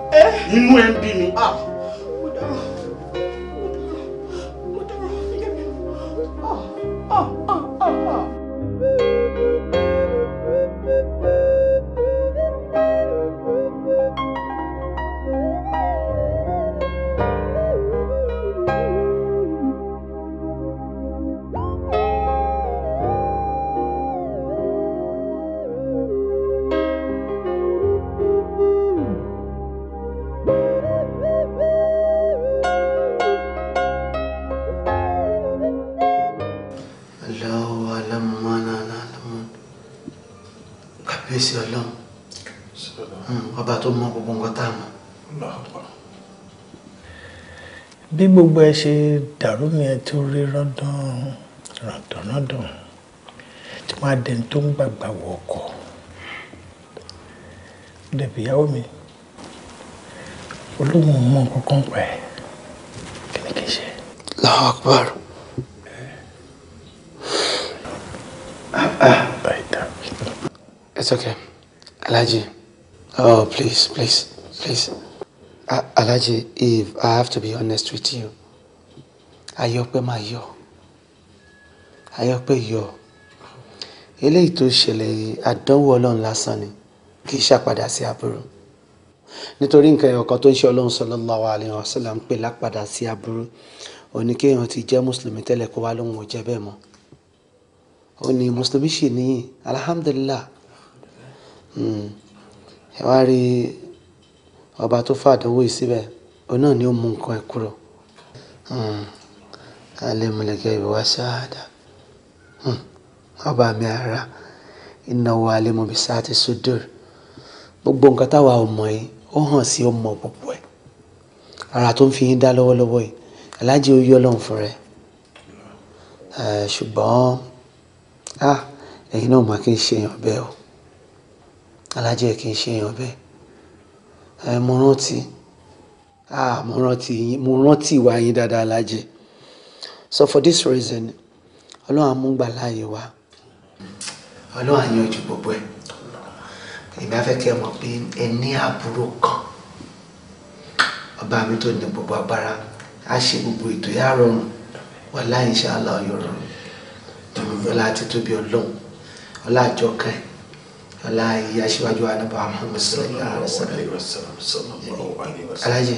inú ẹ mi. Ah. kábíyèsí ọlọ́run hmm, ọba tó mọ gbogbo nǹkan tá a mọ̀. bí gbogbo ẹ ṣe dàrú ni ẹ tó rí rọ́dán rọ̀dọ̀rọ̀dọ̀ tí wọ́n á dẹni tó ń gbàgbà wọ ọkọ̀ dẹ̀bi ìyàwó mi olóhùn eh. Ah, ah. It's okay. Alaji. Oh, please, please, please. Uh, Alaji, If I have to be honest with you. Ayọ̀pẹ́ máa yọ̀. Ayọ̀pẹ́ yọ̀. Eléyìí tó ṣẹlẹ̀ yìí, àdánwò Ọlọ́run lásán ni. Kì í ṣàpadà sí aburú. Nítorí nǹkan ẹ̀yọ̀kan tó ń ṣe Ọlọ́run sallallahu alaihi wasallam ń pè lápadà sí aburú. Òní kéèyàn ti jẹ́ Mùsùlùmí tẹ́lẹ̀ kó wá lóhun ò jẹ́ bẹ́ẹ̀ mọ́. Òní Mùsùlùmí ṣì Alhamdulillah ẹ wá rí ọba tó fàdánwò yìí síbẹ̀ òun náà ni ó mú nǹkan ẹ kúrò hmm. alẹ́ mọ̀lẹ́kẹ́ ìwà ṣáàdà hmm. ọba mi ara ìnáwó alẹ́ mọ̀ bí sáà ti sódòr gbogbo nǹkan táwa ọmọ yìí ó hàn sí ọmọ gbogbo ẹ̀ ara tó ń fi yín dá lọ́wọ́lọ́wọ́ yìí aláàjì ó yọ ọlọ́run fún rẹ ṣùgbọ́n ah, ẹ̀yin náà mà kí n ṣe èèyàn bẹ́ẹ̀ o alájẹ kì í ṣe èèyàn bẹ́ẹ̀ ẹ mo rántí ah mo rántí yín mo rántí ìwà yín dáadáa alájẹ so for this reason ọlọ́run amúgbà láàyè wa ọlọ́run àyànjú gbogbo ẹ̀ èmi á fẹ́ kí ẹ mọ̀ pé ẹ ní àbúrò kan ọba mi tó ní gbogbo agbára á ṣe gbogbo ètò yà rọrùn wà láyé inshallah ọyọ rọrùn ọlá tóbi ọlọ́run ọlá àjọkàn ẹ̀ aláàyè aṣíwájú anábà Muhammad sallallahu alaihi wasallam aláàyè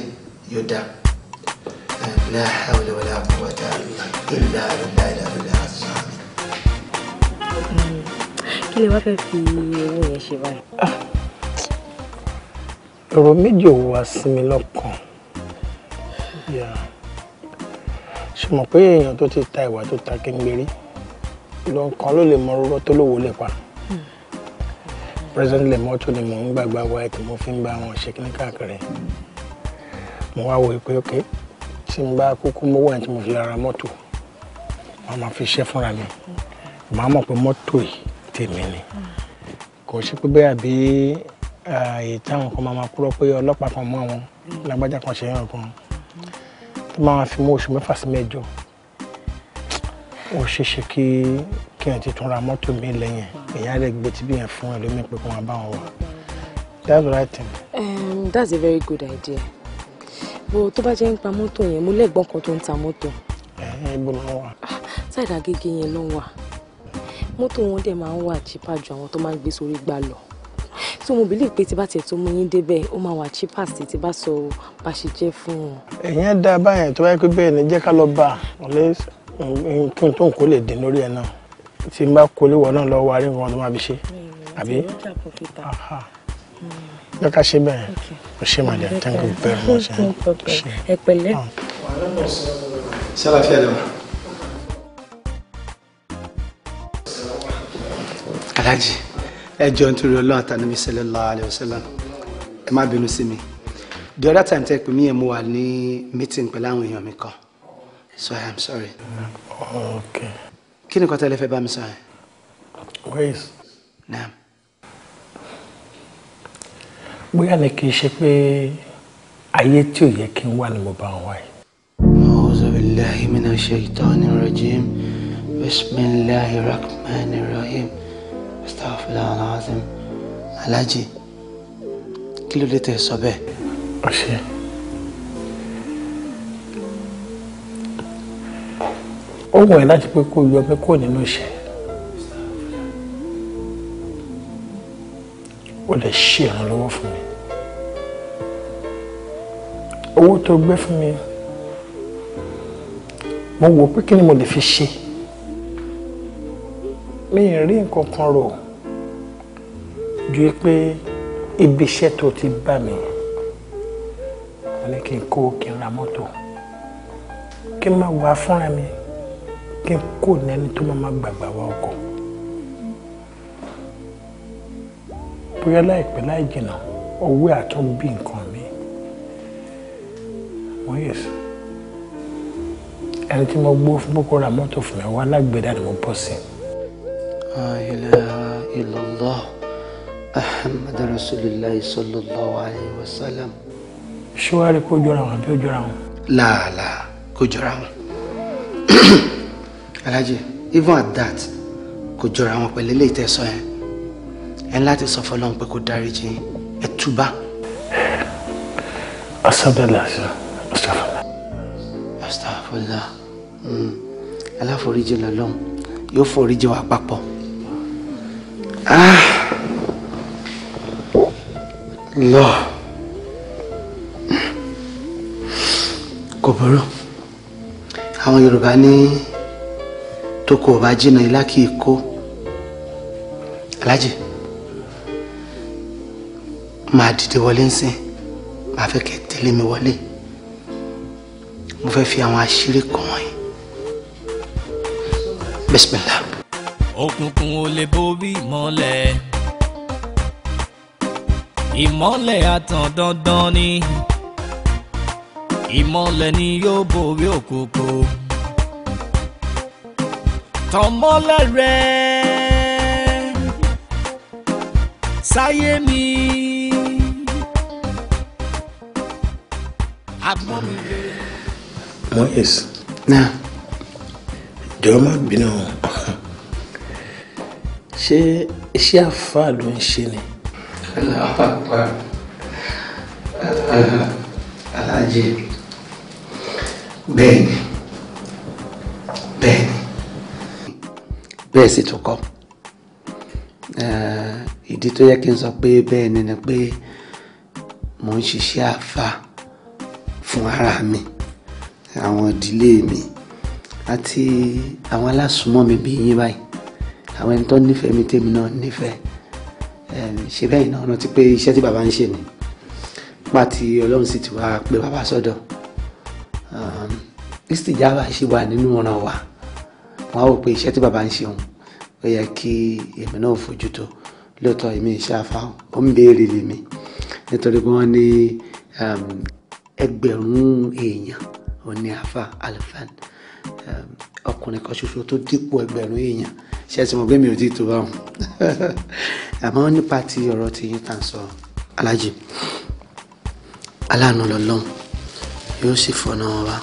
yóò dá la hawla wala quwwata illa billahi ilà àṣà. kí lè wá fẹ́ fi owó yẹn ṣe báyìí. Ah, ọ̀rọ̀ méjì ò wá sí mi lọ́kàn ṣe mọ̀ pé èèyàn tó ti ta ìwà tó ta kéńgbérí lọ́kàn ló lè mọ rúrọ́ tó lówó lè pa. Yeah presently mọ́tò ni mò ń gbàgbà wa tí mo fi ń bá wọn ṣe kíní káàkiri mo wá wò pé ok tí n bá kúkú mówó ẹ̀ tí mo fi ra mọ́tò wọn máa fi ṣe fúnra mi màá mọ̀ pé mọ́tò yìí tèmi ni kò sí pé bẹ́ẹ̀ àbí èyí táwọn kan máa máa kúrò pé ọlọ́pàá kan mọ́ àwọn lágbájá kan ṣe yàn kan tó máa fi mú oṣù mẹ́fà sí mẹ́jọ ó ṣeé ṣe kí kí n ti tún ra mọ́tò mi lẹ́yìn ìyá rẹ̀ gbé tí bí yẹn fún ẹlòmíì pé kó wọn bá wọn wà that's the right thing. Um, that's a very good idea bó tó bá jẹ́ ń pa mọ́tò yẹn mo lẹ́gbọ́n kan tó ń ta mọ́tò. ẹ ibo ló wà. Ah, sáìdà gègé yẹn ló wà mọ́tò wọn dẹ̀ máa ń wà chípà ju àwọn tó máa ń gbé sórí gbà lọ so mo believe pé tí bá tiẹ̀ tó mú yín débẹ̀ ó máa wà chípà sí tí bá sọ bá ṣe jẹ́ fún wọn. ẹ̀yin á dáa báyẹn tó bá yẹ pé bẹ́ẹ̀ ni jẹ́ ká lọ bá a kí n tó ń kó lè dín lórí ẹ̀ náà tí n bá kólé wọ̀ náà lọ́wọ́ àárín nǹkan tó máa fi ṣe àbí hmm. jẹ́ ká ṣe bẹ́ẹ̀ o ṣe màdìá thank you very much ẹ pẹ̀lẹ́. sálàfíà ah. lè wà. aláàjì ẹ jọ nítorí ọlọ́run àtànàbí sallallahu alaihi wasallam ẹ má bínú sí mi the other time tẹ́ pè mí yẹn mo wà ní meeting pẹ̀lú àwọn èèyàn mi kan so i am sorry. okay. Kini kwa telefe ẹ lè fẹ́ bá mi sọ ways. naam. bóyá ni kì í ṣe pé ayé tí ò n wà ni mo bá ń wá yìí. a'udhu billahi minash shaitani rajim bismillahi rahmani rahim astaghfirullah alazim alájì kí ló dé tẹ́ sọ bẹ́ẹ̀. ọ̀sẹ̀. ó wọ̀nyí láti pé kó yọ mí kúrò nínú iṣẹ́ ó lè ṣe ìrànlọ́wọ́ fún mi owó tó gbé fún mi mo wò pé kí ni mo lè fi ṣe mi ì rí nǹkan kan rò ju pé ibi iṣẹ́ tó ti bá mi mo ní kí n kó kí n ra mọ́tò kí n má wà fúnra mi kí n kò ní ẹni tó máa gbàgbà wa ọkọ bóyá láìpẹ́ láì jìnnà ọwọ́ àtún bí nǹkan mi wọ́n yẹ sí ẹni tí mo gbó fún boko ra mọ́tò fún mi wá lágbèdá ni mo bọ́ sí. ilaha illallah ahmed rasulillah sallallahu alayhi wa sallam. ṣé wàá rí kó jọra wọn àbí ó jọra wọn. láàlà kó jọra wọn. Alhaji even at that kò jọra wọn pẹ̀lú ilé ìtẹ̀sọ yẹn ẹ ń láti sọ fọlọ́run pé kó dáríjì yín ẹ túbà. asabẹ́lẹ̀ àṣà astagfirullah. astagfirullah hmm. aláforíjì lọ́lọ́run yóò foríjì wá papọ̀. Ah. lọ kò burú àwọn Yorùbá ní. Ni tó kò bá jìnnà ilá kì í kó alájì máa dìde wọlé ń sìn máa fẹ́ kẹ́ tẹ̀lé mi wọlé mo fẹ́ fi àwọn àṣírí kan wọ̀nyí bísímìlá. òkùnkùn ò lè borí ìmọ́lẹ̀ ìmọ́lẹ̀ àtàn dandan ni ìmọ́lẹ̀ ni yóò borí òkùnkùn tọmọlẹ rẹ sáyé mi agbọn mi rè. Moyes náà jọ̀ọ́ má bínú ṣé iṣẹ́ àfáà ló ń ṣe ni. alájẹ bẹ́ẹ̀ ni. bẹ́ẹ̀ sì tún kọ́ eh, ìdí tó yẹ kí n sọ pé bẹ́ẹ̀ ni ni pé mo ń ṣiṣẹ́ àfa fún ara mi àwọn ìdílé mi àti àwọn alásùnmọ́ mi bí yín báyìí àwọn ẹni tó nífẹ̀ẹ́ mi tèmi náà nífẹ̀ẹ́ eh, ṣe bẹ́ẹ̀ náà rántí pé iṣẹ́ tí bàbá ń ṣe ni nípa tí ọlọ́run sì ti wá pé bàbá sọ́dọ̀ eh, ìsìtìjà wa wà nínú ọ̀ràn wa. Um, wọ́n á wò pé iṣẹ́ tí bàbá ń ṣe òun ó yẹ kí èmi náà fojú tó lóòótọ́ èmi iṣẹ́ afáhùn ó ń béèrè lèmi nítorí pé wọ́n ní ehm, ẹgbẹ̀rún èèyàn ó ní afa alifan ọkùnrin kan ṣoṣo tó dípò ẹgbẹ̀rún èèyàn ṣe ti mọ̀ pé mi ò tí tó bá wọn àmọ́ nípa ti ọ̀rọ̀ ti yín tà ń sọ alájì aláàánú lọ́lọ́run yóò sì fọ́nà wa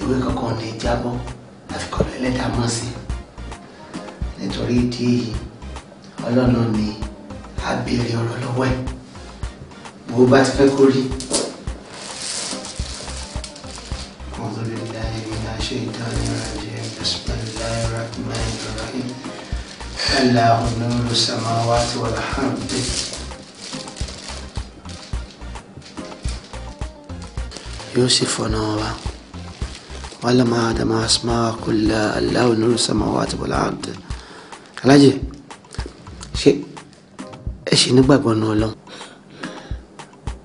ìwé kankan ní jábọ́ àfi kọ́ lọ ẹlẹ́dàá sí nítorí ìdí èyí ọlọ́run ni a béèrè ọ̀rọ̀ lọ́wọ́ ẹ̀ bó bá ti fẹ́ kó rí. نور السماوات والأرض yóò sì ولا ما دام اسماء كل اللون السماوات والارض علاجي شي شي نبغى نقولهم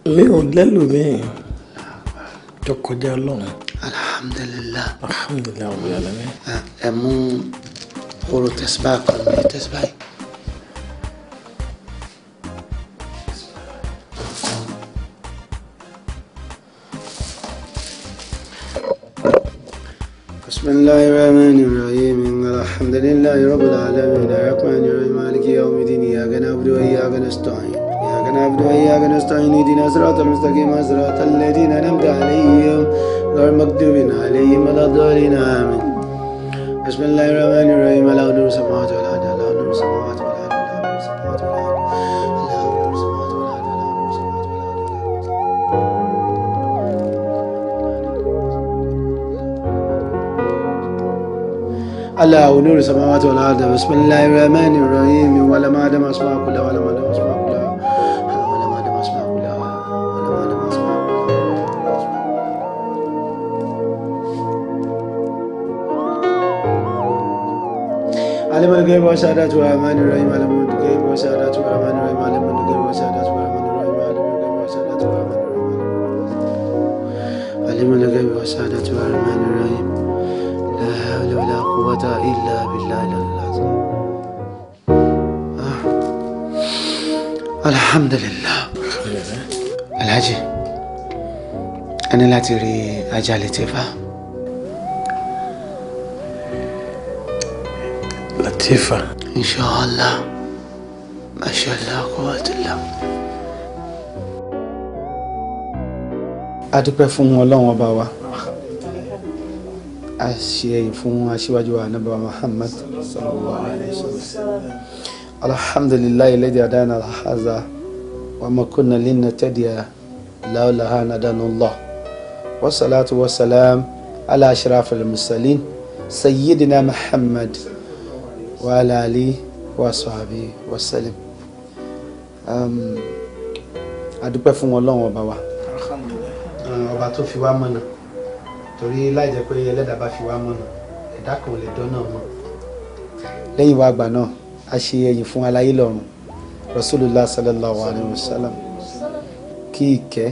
ليه ودلوا بيه تكو جالون الحمد لله الحمد لله رب العالمين أه، أمو قولوا تسبعكم تسبعي بسم الله الرحمن الرحيم إن الحمد لله رب العالمين الرحمن الرحيم مالك يوم الدين إياك نعبد وإياك نستعين إياك نعبد وإياك نستعين اهدنا الصراط المستقيم صراط الذين أنعمت عليهم غير المغضوب عليهم ولا الضالين آمين بسم الله الرحمن الرحيم الحمد لله رب العالمين الله ونور السماوات والارض بسم الله الرحمن الرحيم ولا ما دام اسماء كلها ولا ما دام اسماء كلها ولا ما دام اسماء كلها ولا ما دام اسماء كلها علم الغيب والشهادة الرحمن الرحيم علم الغيب والشهادة الرحمن الرحيم علم الغيب والشهادة الرحمن الرحيم علم الغيب والشهادة الرحمن الرحيم علم الغيب والشهادة quwwata illa billahi al-azim. alhamdulillah alhaji a ní láti rí ajá Latifa. Latifa. inshallah mashallah quwwata illa. a dúpẹ́ fún ọlọ́run ọba wa ṣe ẹ̀yìn fún aṣíwájú anábà Muhammad sallallahu alayhi wa sallam alhamdulilayi lẹ́dí adáná alhaza wa makunna lina tẹ́díà lawla hana danullah wasalaatu wasalaam ala ashraf musalin sayyidina Muhammad wa ala ali wa sahbi wa salim. Um, adúpẹ́ fún Ọlọ́run ọba wa um, ọba tó fi wá mọ̀nà torí láì jẹ́ pé ẹlẹ́dàá bá fi wá mọ̀nà ẹ̀dá kan ò lè dọ́nà mọ́. lẹ́yìn wá àgbà náà a ṣe ẹ̀yìn fún aláyé lọ́run rasulullah sallallahu alayhi wa sallam kí ìkẹ́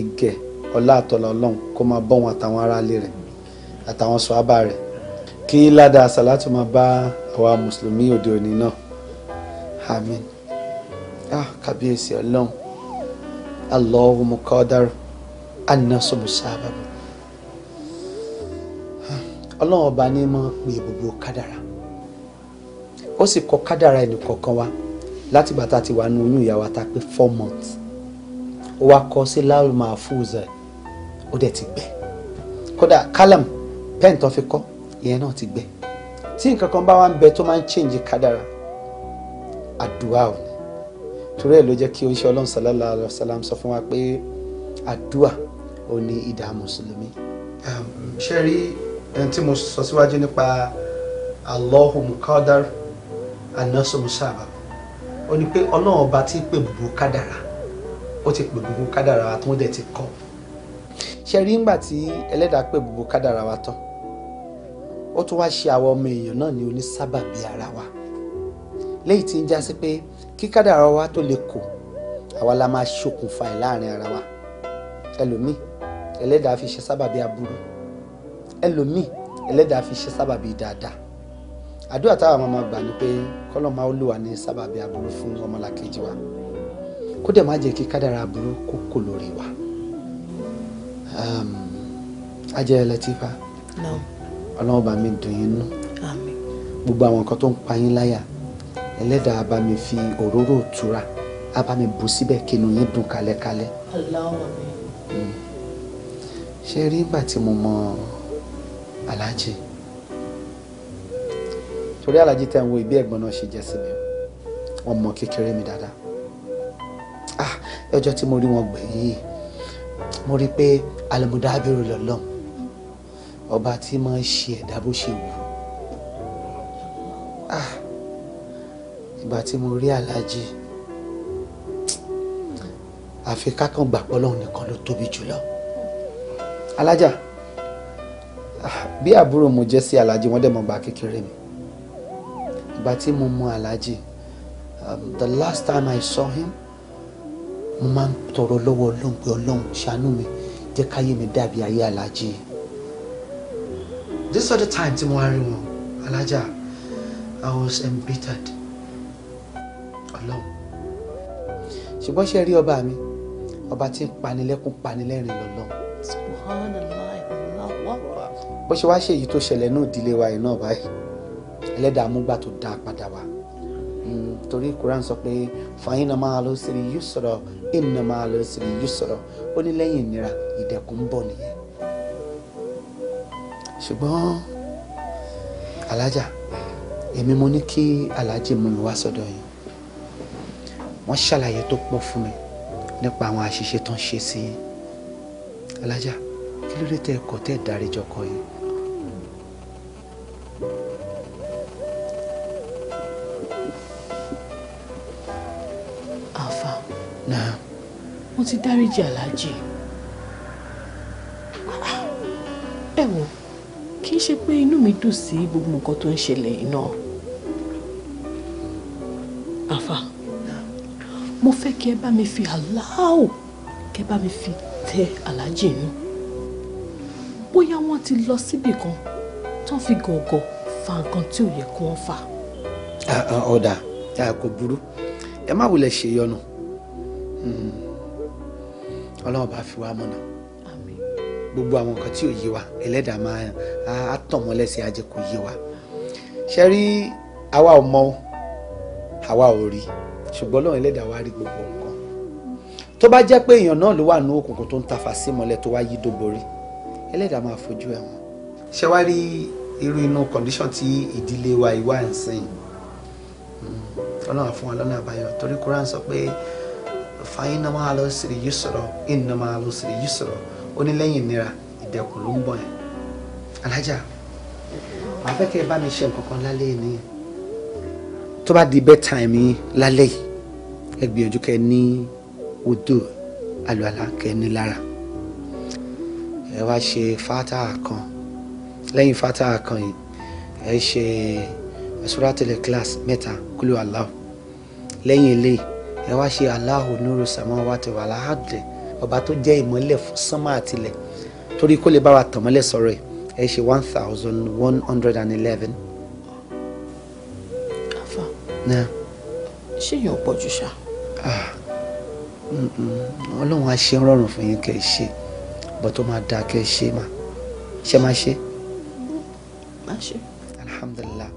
ìgẹ̀ ọlá àtọ̀là ọlọ́run kó máa bọ́ wọn àtàwọn aráalé rẹ̀ àtàwọn sọ̀ábà rẹ̀ kí ládàá sàlátù máa bá àwa mùsùlùmí òde òní náà àmín ah kábíyèsí ọlọ́run allahumma qadar anna subusabab ọlọ́run ọba ní mọ́ pé gbogbo kádàrà ó sì kọ kádàrà ẹnì kọ̀ọ̀kan wa láti bàtà ti wà ní oyún ìyá wa ta pé four months ó wá kọ sí láàrú máa fúùzẹ ó dẹ̀ ti gbẹ kódà kálàm pẹ́ǹ tó fi kọ́ ìyẹn náà ti gbẹ tí nǹkan kan bá wà ń bẹ tó máa ń change kádàrà àdúrà ò ní torí ẹ̀ ló jẹ́ kí oníṣẹ́ ọlọ́run sallallahu alaihi wasallam sọ fún wa pé àdúrà ò ní ìdá mùsùlùmí. ṣe rí ẹni tí mo sọ síwájú nípa Allahu mukadar anasu musaba ó ní pé ọlọ́run ọba tí pè gbogbo kádàrà ó ti pè gbogbo kádàrà wa tó ń dẹ̀ ti kọ́ ṣe rí ńgbà tí ẹlẹ́dàá pè gbogbo kádàrà wa tán ó tún wá ṣe àwọn ọmọ èèyàn náà ní onísábàbí ara wa léyìí tí ń já sí pé kí kádàrà wa tó lè kó àwa la máa ṣokùnfà ẹ̀ láàrin ara wa ẹlòmíì ẹlẹ́dàá fi ṣe sábàbí aburú ẹlòmíì ẹlẹ́dàá fi ṣe sábàbí dáadáa àdúrà táwa máa gbà ni pé kọ́lọ́mà olúwa ní sábàbí aburú fún ọmọlàkejì wa kó dẹ̀ má jẹ́ kí kádàrá aburú kó kò lórí wa. ajẹ́ ẹlẹ́tìfá ọlọ́run bá mi dùn yín nú gbogbo àwọn nǹkan tó ń pa yín láyà ẹlẹ́dàá bá mi fi òróró òtura á bá mi bù síbẹ̀ kí inú yín dùn kálẹ́kálẹ́. ṣé rí ìgbà tí mo mọ. Mo aláàjì torí aláàjì tẹ̀ ń wo ìbí ẹ̀gbọ́n náà ṣe jẹ́ sí mi wọ́n kékeré mi dáadáa ah ẹjọ́ tí mo rí wọn gbẹ̀yìn mo rí pé alimudabiru lọ́lọ́m ọba tí máa ń ṣe ẹ̀dá bó ṣe wù ah ìgbà tí mo rí aláàjì àfi kákan gbàpọ̀ lọ́hùn nìkan ló tóbi jùlọ alájà bí àbúrò mo jẹ́ sí alájí wọ́n dẹ̀ mọ̀ bá kékeré mi ìgbà tí mo mọ alájí um, the last time I saw him mo máa ń tọrọ lọ́wọ́ ọlọ́run pé ọlọ́run ṣàánú mi jẹ́ káyé mi dàbí ayé alájí this other time tí mo wá rí wọn alájà I was embittered ọlọ́run ṣùgbọ́n ṣe rí ọba mi ọba tí ń panilẹ́kún panilẹ́rìn lọ́lọ́run bó ṣe wá ṣe èyí tó ṣẹlẹ̀ náà ìdílé wa yìí náà báyìí ẹlẹ́dàá amúgbà tó dá padà wá hmm, torí Quran sọ pé fàyín náà máa lọ sí yìí sọ̀rọ̀ èyí náà máa lọ sí yìí sọ̀rọ̀ ó ní lẹ́yìn ìnira ìdẹ̀kùn ń bọ̀ nìyẹn ṣùgbọ́n alájà èmi mo ní kí alájì mú mi wá sọ́dọ̀ yìí wọ́n ṣàlàyé tó pọ̀ fún mi nípa àwọn àṣìṣe tó ń ṣe sí alájà kí ló dé tẹ́ ẹ̀kọ́ tẹ́ ìdáríjọ kọ yìí ti dáríjì aláàjì ẹ wò kì í ṣe pé inú mi dùn sí gbogbo nǹkan tó ń ṣẹlẹ̀ yìí náà mo fẹ́ kí ẹ bá mi fi aláwò kí ẹ bá mi fi tẹ aláàjì inú bóyá wọ́n ti lọ síbì kan tán fi gọ̀ọ̀gọ̀ fa nǹkan tí ò yẹ kó wọ́n fà. ọ̀dà kò burú ẹ má wulẹ̀ ṣèyọnu. mm ọlọ́run bá fi wá mọ̀nà gbogbo àwọn nǹkan tí ò yé wa ẹlẹ́dàá máa á tàn mọ́ lẹ́sẹ̀ ajé kò yé wa ṣe rí àwa ò mọ àwa ò rí ṣùgbọ́n ọlọ́run ẹlẹ́dàá wa rí gbogbo nǹkan tó bá jẹ́ pé èèyàn náà ló wà ní òkùnkùn tó ń ta fàṣímọ́lẹ̀ tó wá yí dóborí ẹlẹ́dàá máa fojú ẹ̀ wọ́n ṣe wá rí irú inú condition tí ìdílé wa ìwà ń sìn hmm. ọlọ́run á fún wa lọ́nà àbáyọ torí Kúránì sọ pé fa iná máa lọ sí i yìí sọ̀rọ̀ iná máa lọ sí i yìí sọ̀rọ̀ ó ní lẹ́yìn ìnira ìdẹ̀kùn ló ń bọ̀ yẹn alájà màá fẹ́ kẹ́ ẹ bá mi ṣe nǹkan kan lálẹ́ yìí nìyẹn tó bá di bedtime yín lálẹ́ yìí ẹ gbìyànjú kẹ́ ní odò àlùalá kẹ́ ní lára ẹ wá ṣe fátà kan lẹ́yìn fátà kan yìí ẹ ṣe suratul ikhlas mẹ́ta kúlù Allahu lẹ́yìn eléyìí ẹ wá ṣe Allahu nuru samawati wal ardi ọba tó jẹ́ ìmọ́lẹ̀ fún sánmà àtilẹ̀ torí kó lè bá wa tàn mọ́lẹ̀ sọ̀rọ̀ ẹ̀ ẹ ṣe one thousand one hundred and eleven. afa ṣé yóò pọ̀ jù ṣá. Ah, ọlọ́run á ṣe rọrùn fún yín kẹ́ ẹ ṣe bọ́ tó máa dáa kẹ́ ẹ ṣe má ṣe máa ṣe. máa ṣe. alhamdulillah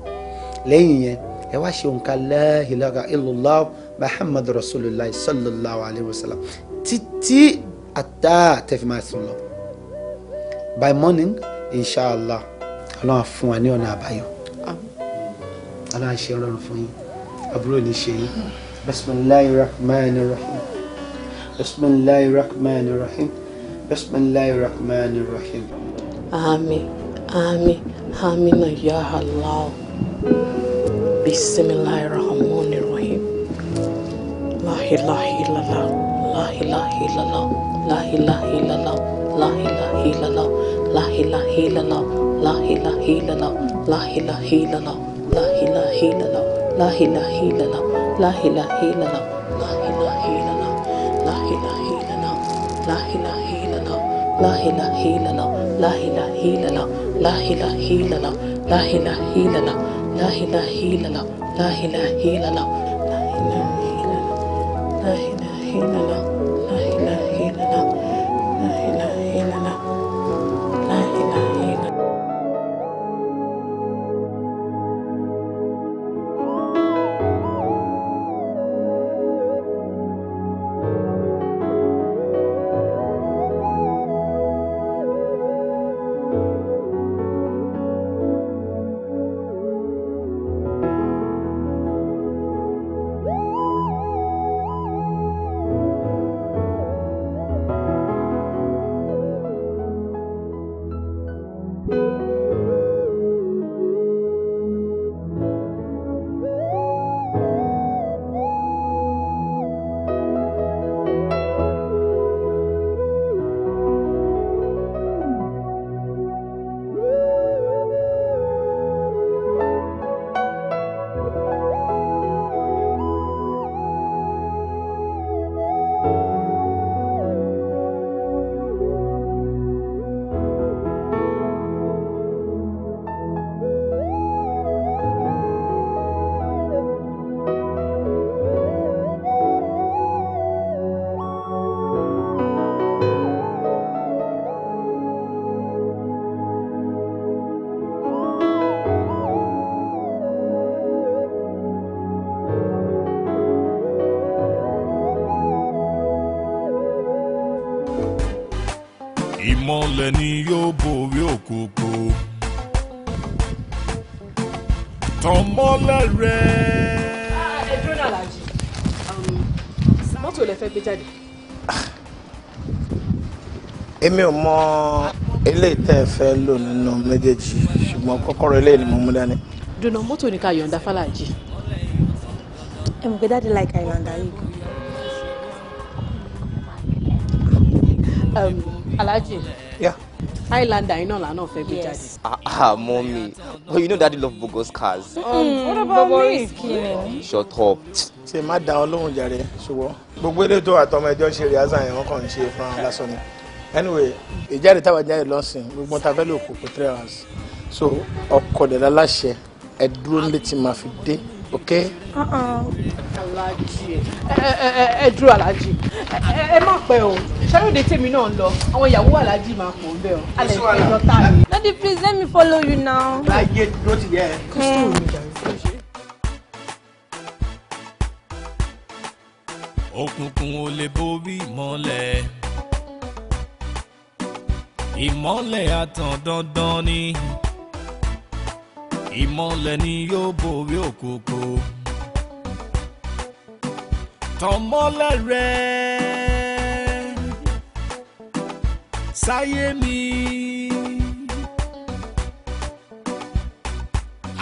lẹ́yìn yẹn ẹ wá ṣe òǹkà la ilaha illallah muhammadu rasulillah sallallahu alayhi wa sallam títí àtà tẹfimá sùn lọ by morning inshallah ọlọ́run fún wa ní ọ̀nà àbáyọ ọlọ́run ṣe rọrùn fún yín àbúrò ní ṣe yín bismillahir rahmanir rahim bismillahir rahmanir rahim bismillahir rahmanir rahim. àmín àmín àmín náà ya Allah bismillahir rahman. ilaha illallah, la ilaha illallah, la ilaha illallah, la ilaha illallah, la ilaha illallah, la ilaha illallah, la ilaha illallah, la ilaha illallah, la ilaha illallah, la ilaha illallah, la ilaha illallah, la ilaha illallah, la ilaha illallah, la ilaha illallah, la ilaha illallah, la ilaha illallah, la ilaha illallah, la ilaha illallah, la ilaha illallah, la ilaha illallah. Amen. mi ò mọ eléyìí tẹ́ ẹ fẹ́ lò nínú méjèèjì ṣùgbọ́n kọ́kọ́rọ́ eléyìí ni mo mú dání. dùnà mọ́tò ní ká yọ̀ǹda fàlàjì. ẹ mọ̀ pé dáàdi like islander yìí. alhaji. Um, yeah. Highlander iná lànà fẹ́ gbé jáde. Ah, ah mommy, oh, you know daddy love bogus cars. Hmm, um, mm, what about me? Shut up. Ṣé má da ọlọ́run jàre ṣùgbọ́n gbogbo elétò àtọmọ ẹjọ́ ṣe rí àzàyàn kan ṣe fún lásán ni anyway ìjáde táwa jáde lọ́sìn gbogbo ta fẹ́ lò kó kó three hours so ọkọ̀ dẹ̀ láláṣẹ ẹ dúró nílé tí màá fi dé ok. aláàjì ẹ dúró aláàjì ẹ má pẹ́ o ṣàlóde tèmi náà ń lọ àwọn ìyàwó aláàjì máa pọ̀ bẹ́ẹ̀ o alẹ́ ìfẹ́ lọ tà mí. daddy please let me follow you now. láyé ló ti yẹ. kristu mi jà ń fẹ́. òkùnkùn ò lè borí mọ́lẹ̀ ìmọ́lẹ̀ àtàn dandan ni ìmọ́lẹ̀ ni yóò borí òkòkò tọmọ́lẹ̀ rẹ sáyé mi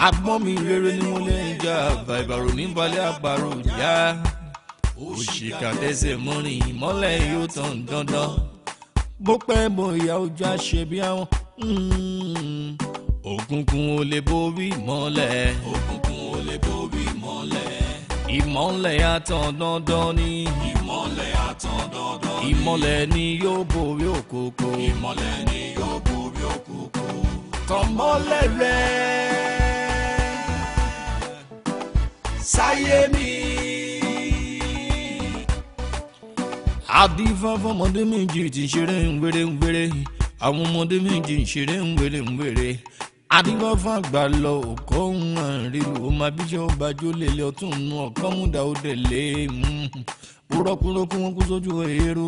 agbọ́n mi rere ni mo lè ń jà àbá ìbàrò mi balẹ̀ àbàrò yá òṣìkà tẹsẹ̀ mọ́rin ìmọ́lẹ̀ yóò tàn dandan bó pẹ́ bóyá ojú àṣẹ bí àwọn. Hmm. òkùnkùn ò lè borí ìmọ́lẹ̀. òkùnkùn ò lè borí ìmọ́lẹ̀. ìmọ́lẹ̀ àtàn dandan ni. ìmọ́lẹ̀ àtàn dandan ni. ìmọ́lẹ̀ ni yóò borí òkòkò. ìmọ́lẹ̀ ni yóò borí òkòkò. tọ̀mọ́lẹ̀ rẹ̀ sáyé mi àdìfá fọmọdé méjì tí ń ṣeré ń wéré ń wéré àwọn ọmọdé méjì ń ṣeré ń wéré ń wéré àdìfá fàgbà lọ òkò ń rí o máa bíṣọ́ bàjọ́ lélẹ̀ ọ̀tún nù ọ̀kan múdà ó dẹ̀ lé kí wọ́n kú sójú èrò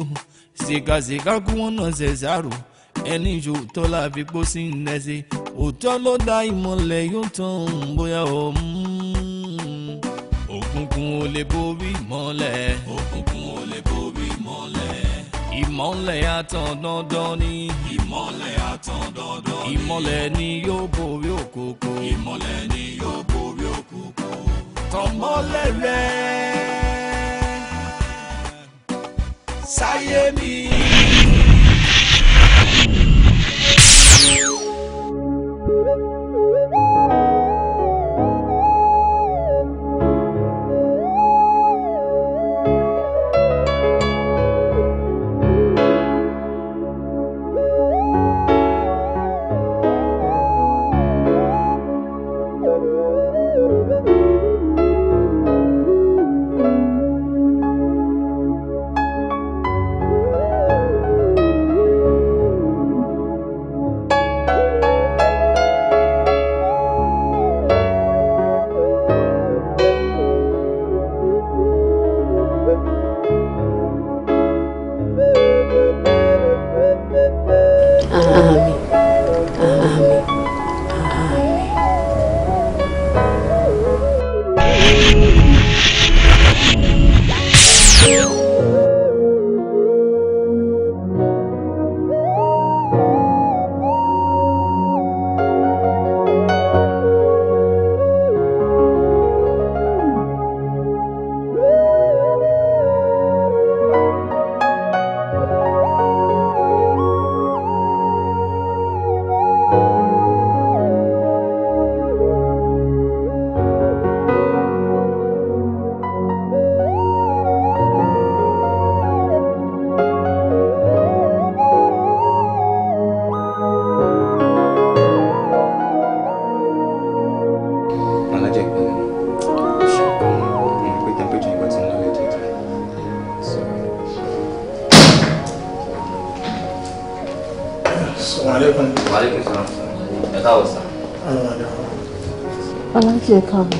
ṣìkàṣìkà kí wọ́n náà ṣẹ̀ṣàrò ẹni ìṣòótọ́ la fi pọ́ sí ìrẹsì òótọ́ ló dá ìmọ̀lẹ̀ yóò tán bóyá òkùnkùn ò lè borí ìmọ̀lẹ̀ òkùnkùn ìmọ̀lẹ̀ àtàn dandan ni. ìmọ̀lẹ̀ àtàn dandan ni. ìmọ̀lẹ̀ ni yóò borí òkòkò. ìmọ̀lẹ̀ ni yóò borí òkòkò. tọmọlẹ̀ rẹ̀ sáyé mi. thank you alaikum. wa alaikum salam. ẹ káwọ sá. aláǹtí ẹ káwọ. kí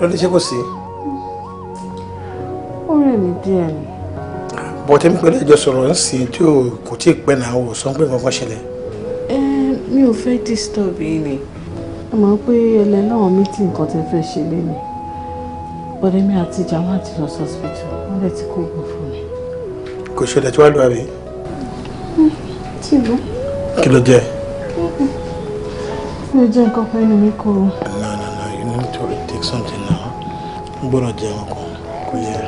ló dé ṣe kò sí. ó rẹ̀ mí díẹ̀ ni. bọ̀tẹ́ mi pẹ̀lú ẹjọ́ sọ̀rọ̀ ń sìn tí kò tí ì pẹ́ náà wò sọ pé kankan ṣẹlẹ̀. ẹ mi ò fẹ́ disturb yín ni ẹ mọ̀ pé ẹlẹ́ náà mítì nǹkan tẹ́ fẹ́ ṣe lé mi bọ̀dẹ́mi àti Jamal ti lọ sọ́sibítù wọ́n lè ti kó oògùn fún mi. kò ṣẹlẹ̀ tí wàá lọ àbí. tìlú. Hmm, kí ló jẹ́. mi ò jẹ́ nǹkan kan inú mi kúrò. no no no you need to take something now n gbọ́dọ̀ jẹ nǹkan kò yẹ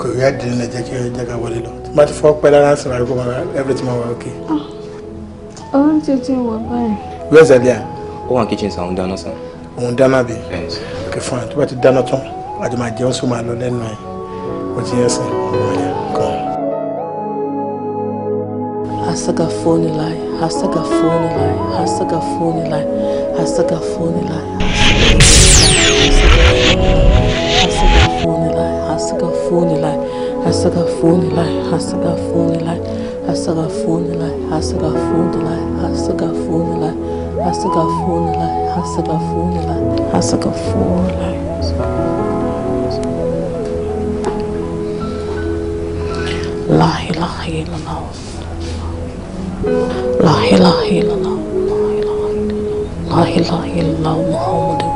kò yẹ dín lẹ jẹ́ kí ẹ jẹ́ ká wọlé lọ tí wọ́n ti fọ́ pẹ́ lára sọ̀rọ̀ àgbẹ̀kọ́ máa everything máa wà ok. Ah, ọ̀run ti ti wà báyìí. where's Elia. ó wà ní kitchen sàn òun dáná sàn. òun dáná bi ok fine tó bá ti dáná tán àjọ máa jẹun sóun máa lọ lẹ́nu ẹ̀ kò ti yẹ sàn. phone phone phone phone phone phone phone phone phone Hasagafonilai, Hasagafonilai, Hasagafonilai, Hasagafonilai, Hasagafonilai, Hasagafonilai, Hasagafonilai, Hasagafonilai, Hasagafonilai, Hasagafonilai, Hasagafonilai, Hasagafonilai, Hasagafonilai, Hasagafonilai. La ilaha illallah. لا إله إلا الله لا إله إلا الله لا إله إلا الله محمد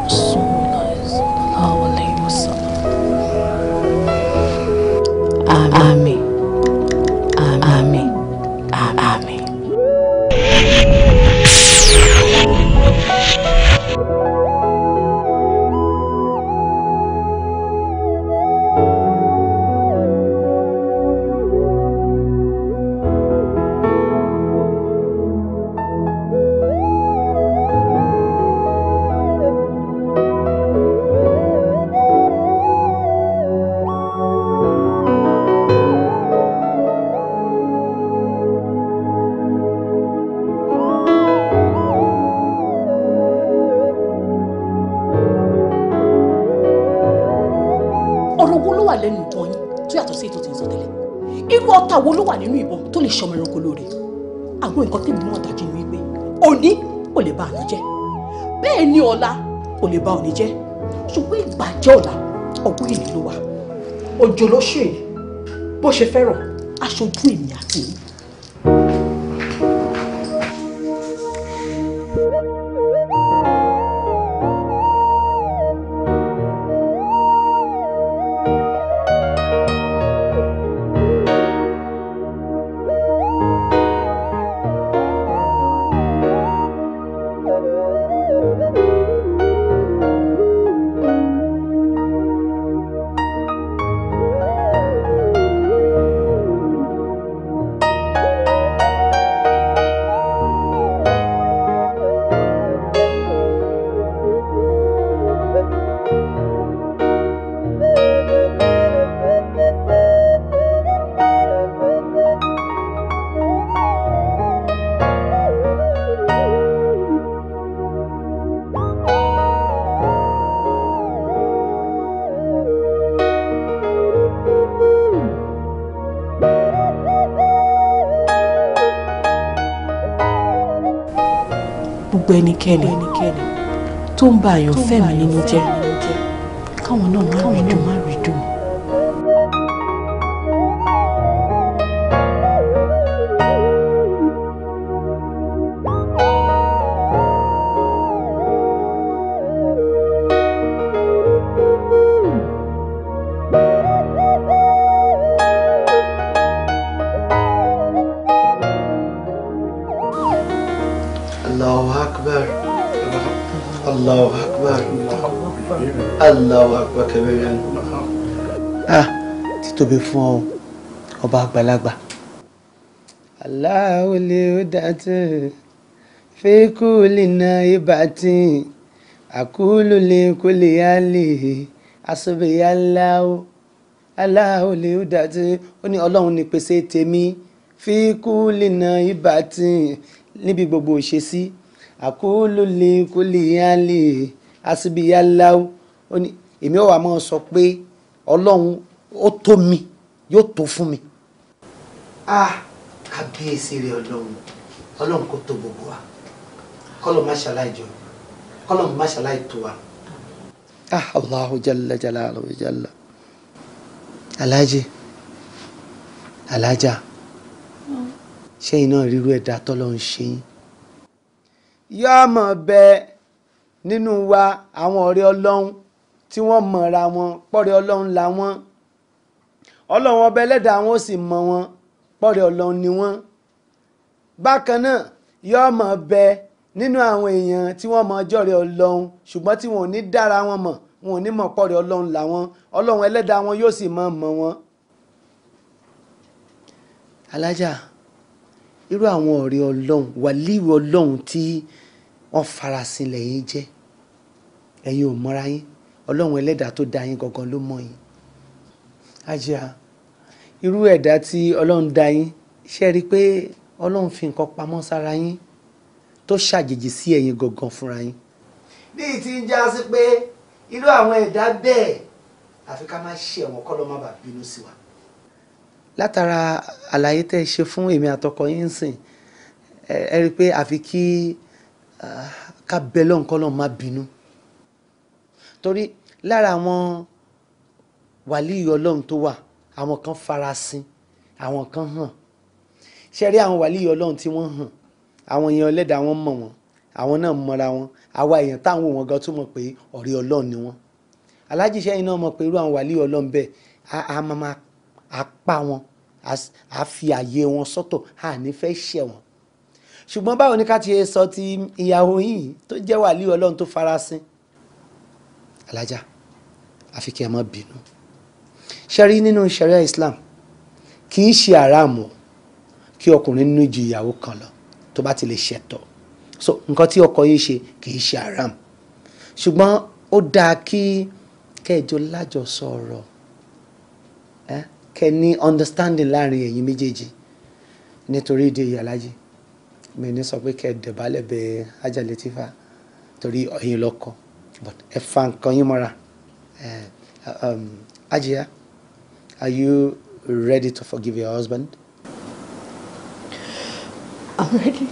ìka wo ló wà nínú ìbọn tó lè ṣọmọ ẹranko lóore àwọn nǹkan tèmi náà dájú ni wípé òní kò lè ba àná jẹ́ bẹ́ẹ̀ ni ọ̀la kò lè ba òní jẹ́ ṣùgbọ́n ìgbàjẹ́ ọ̀la ọgbọ́n ìlú ló wà òjò ló ṣe bó ṣe fẹ́ràn aṣojú èmi àti èmi gbogbo ẹnikẹ́ni tó ń ba àyànfẹ́ mi nínú jẹ́ káwọn náà má rí dùn. Allahu akbar Allahu akbar kẹbẹrẹ ah títóbi fún ọ ọba àgbàlagbà. Allahu lè dàtí fíkú lìnà ìbàtí àkúlù lè kú lè yálè asọ̀bẹ̀yálà ó Allahu lè dàtí ó ní ọlọ́run ní pèsè tèmi fíkú lìnà ìbàtí níbi gbogbo òṣèṣí àkúlùlé kúlìyànlè àsìbíyàláwò ó ní èmi ò wá máa sọ pé ọlọ́run ó tó mi yóò tó fún mi. a kàbíyèsí rẹ ọlọ́run ọlọ́run kò tó gbogbo wa kọ́lọ̀ má ṣàlàyé jọ kọ́lọ̀ má ṣàlàyé tó wa. ah allahu jalla jalaluhu jalla alhaji alhaja hmm. ṣé iná ríru ẹ̀dá tọ́lọ́ ń ṣe yín yóò mọ̀ bẹ nínú wa àwọn ọ̀rẹ́ ọlọ́run tí wọ́n mọ̀ra wọn pọ̀rẹ́ ọlọ́run la wọ́n ọlọ́run ọba ẹlẹ́dàá wọn ó sì mọ̀ wọn pọ̀rẹ́ ọlọ́run ni wọ́n bákan náà yóò mọ̀ bẹ nínú àwọn èèyàn tí wọ́n mọ ọjọ́ rẹ̀ ọlọ́run ṣùgbọ́n tí wọn ò ní dára wọn mọ̀ wọn ò ní mọ̀ pọ̀rẹ́ ọlọ́run làwọn ọlọ́run ẹlẹ́dàá wọn yóò sì mọ̀ mọ̀ wọn. alájà irú àwọn ọ̀rẹ́ ọlọ́run wàlíù ọlọ́run tí wọ́n farasin lẹ́yìn jẹ́ ẹ̀yin ò mọ́ra yín ọlọ́run ẹlẹ́dàá tó dá yín gangan ló mọ̀ yín. ajá irú ẹ̀dá tí ọlọ́run dá yín ṣe rí i pé ọlọ́run fi nǹkan pamọ́ sára yín tó ṣàjèjì sí ẹ̀yin gangan fúnra yín. ní ìtí ń já sí pé irú àwọn ẹ̀dá bẹ́ẹ̀ àfi ká má ṣe ẹ̀wọ̀n kọ́ ló má bàa bínú sí wa látara àlàyé tẹ́ ẹ ṣe fún èmi àtọkọ yín ń sìn ẹ rí i pé àfi kí ká bẹ lọ́nkọ́ lọ́n má bínú torí lára àwọn wàlíì ọlọ́run tó wà àwọn kan farasin àwọn kan hàn ṣe rí àwọn wàlíì ọlọ́run tí wọ́n hàn àwọn èèyàn ẹlẹ́dà wọn mọ̀ wọ́n àwọn náà mọ̀ra wọn àwa èèyàn táwọn òun gan tún mọ̀ pé ọ̀rẹ́ ọlọ́run ni wọ́n alájíṣẹ́ yìí náà mọ̀ pé irú àwọn wàlíì ọlọ́run bẹ́ẹ̀ a máa á pa wọn á fi àyè wọn sọ́tọ̀ á ní fẹ́ ṣẹ̀ wọn. ṣùgbọ́n báwo ni ká ti sọ ti ìyàwó yìí tó jẹ́ wàlí ọlọ́run tó farasin. alájà àfi kí ẹ má bínú ṣẹ́rí nínú ṣẹ̀ríà Islam kì í ṣe àràmù kí ọkùnrin nínú ju ìyàwó kan lọ tó bá ti lè ṣẹ̀tọ́ so nǹkan tí ọkọ yìí ṣe kì í ṣe àràmù ṣùgbọ́n ó dáa kí kẹjọ lájọ sọ̀rọ̀. So, kẹ́ ní understanding láàrin ẹ̀yin méjèèjì nítorí ìdí èyí alájí mi ní sọ pé kẹ́ dẹ̀bálẹ̀ bẹ Hajja Latifa torí ẹ̀yin lọ́kọ but ẹ fa nǹkan yín mọ́ra um, Hajiya are you ready to forgive your husband. I'm ready.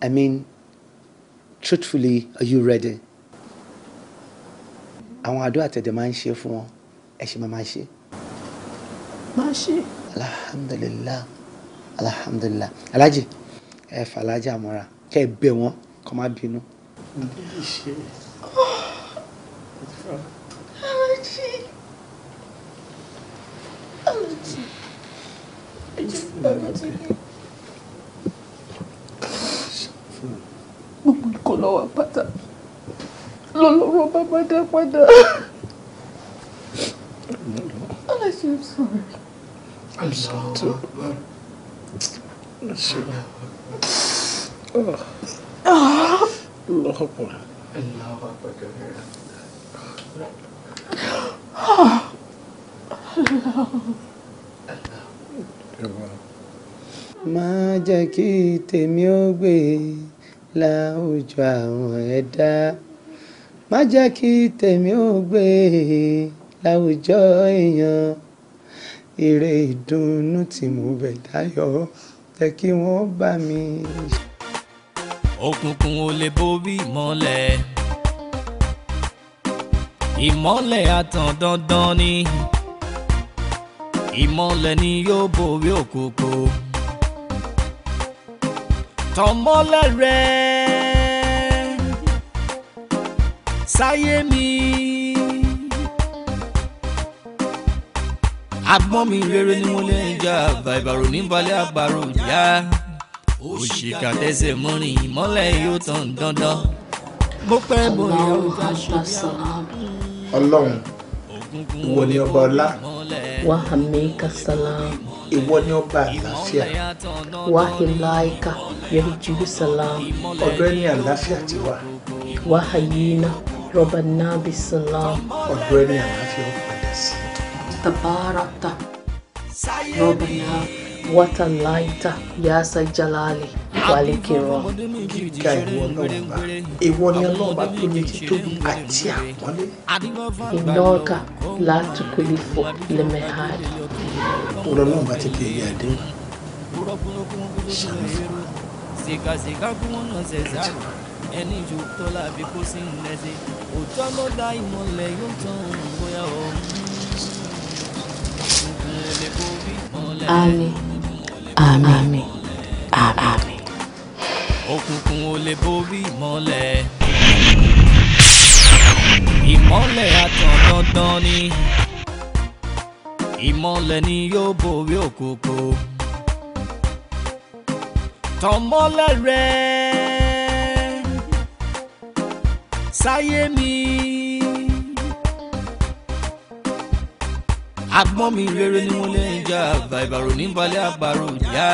I mean truthfully are you ready. àwọn àdúrà tẹ̀dẹ̀ máa ń ṣe fún wọn ẹ ṣe máa máa ṣe má ṣe. alhamdulilah alhamdulilah alhaji ẹ fàlájà mọ́ra kẹ́ ẹ bẹ̀ wọ́n kọ́ má bínú. alhaji alhaji ẹ jẹ́ bàbá tí mi. gbogbo nǹkan lọ́wọ́ pátá lọ́lọ́rọ́ bá bá dá padà. Aláṣẹ sọ̀rọ̀. Allahu Akbar. Allahu Akbar. Allahu Akbar kabira. Allah. Allah. Má jẹ́ kí tèmi ó gbé láwùjọ àwọn ẹ̀dá. Má jẹ́ kí tèmi ó gbé láwùjọ èèyàn ire ìdùnnú tí mo bẹ̀ dayọ̀ jẹ́ kí wọ́n bá mi. òkùnkùn ò lè borí ìmọ́lẹ̀ ìmọ́lẹ̀ àtàn dandan ni ìmọ́lẹ̀ ni yóò borí òkùnkùn tọmọlẹ̀ rẹ̀ sáyé mi. agbọ́n mi rere ni mo lè ń jà bàìbàrò níbalẹ̀ àbàrò já òṣìkà tẹsẹ̀ mọ́rin ìmọ́lẹ̀ yóò tàn dandan mo pẹ́ bóyá ó ta ṣùgbọ́n. ọlọ́run ìwọ ni ọba ọlá. wàhámi kasala. ìwọ ni ọba àlàáfíà. wàhíláìka yẹri jerusalem. ọ̀dọ̀ ẹni àlàáfíà ti wà. wàháyínà rọ̀bà nábì sàlám. ọ̀dọ̀ ẹni àlàáfíà wà. تباركت ربنا وتعاليت يا ذا الجلال والإكرام gíga ìwọ ọlọ́run bá ìwọ ni ọlọ́run bá tó ní títóbi àti àpọ́nlé. ìnáka látùkúlì fò lẹ́mẹ̀hàdì àmín àmín àmín òkùnkùn ò lè borí ìmọ́lẹ̀ ìmọ́lẹ̀ àtàn dandan ni ìmọ́lẹ̀ ni yóò borí òkùnkùn tọmọlẹ̀ rẹ̀ sáyé mi. agbọ́n mi rere ni mo lè ń jà àbá ìbàrò níbalẹ̀ àbàrò já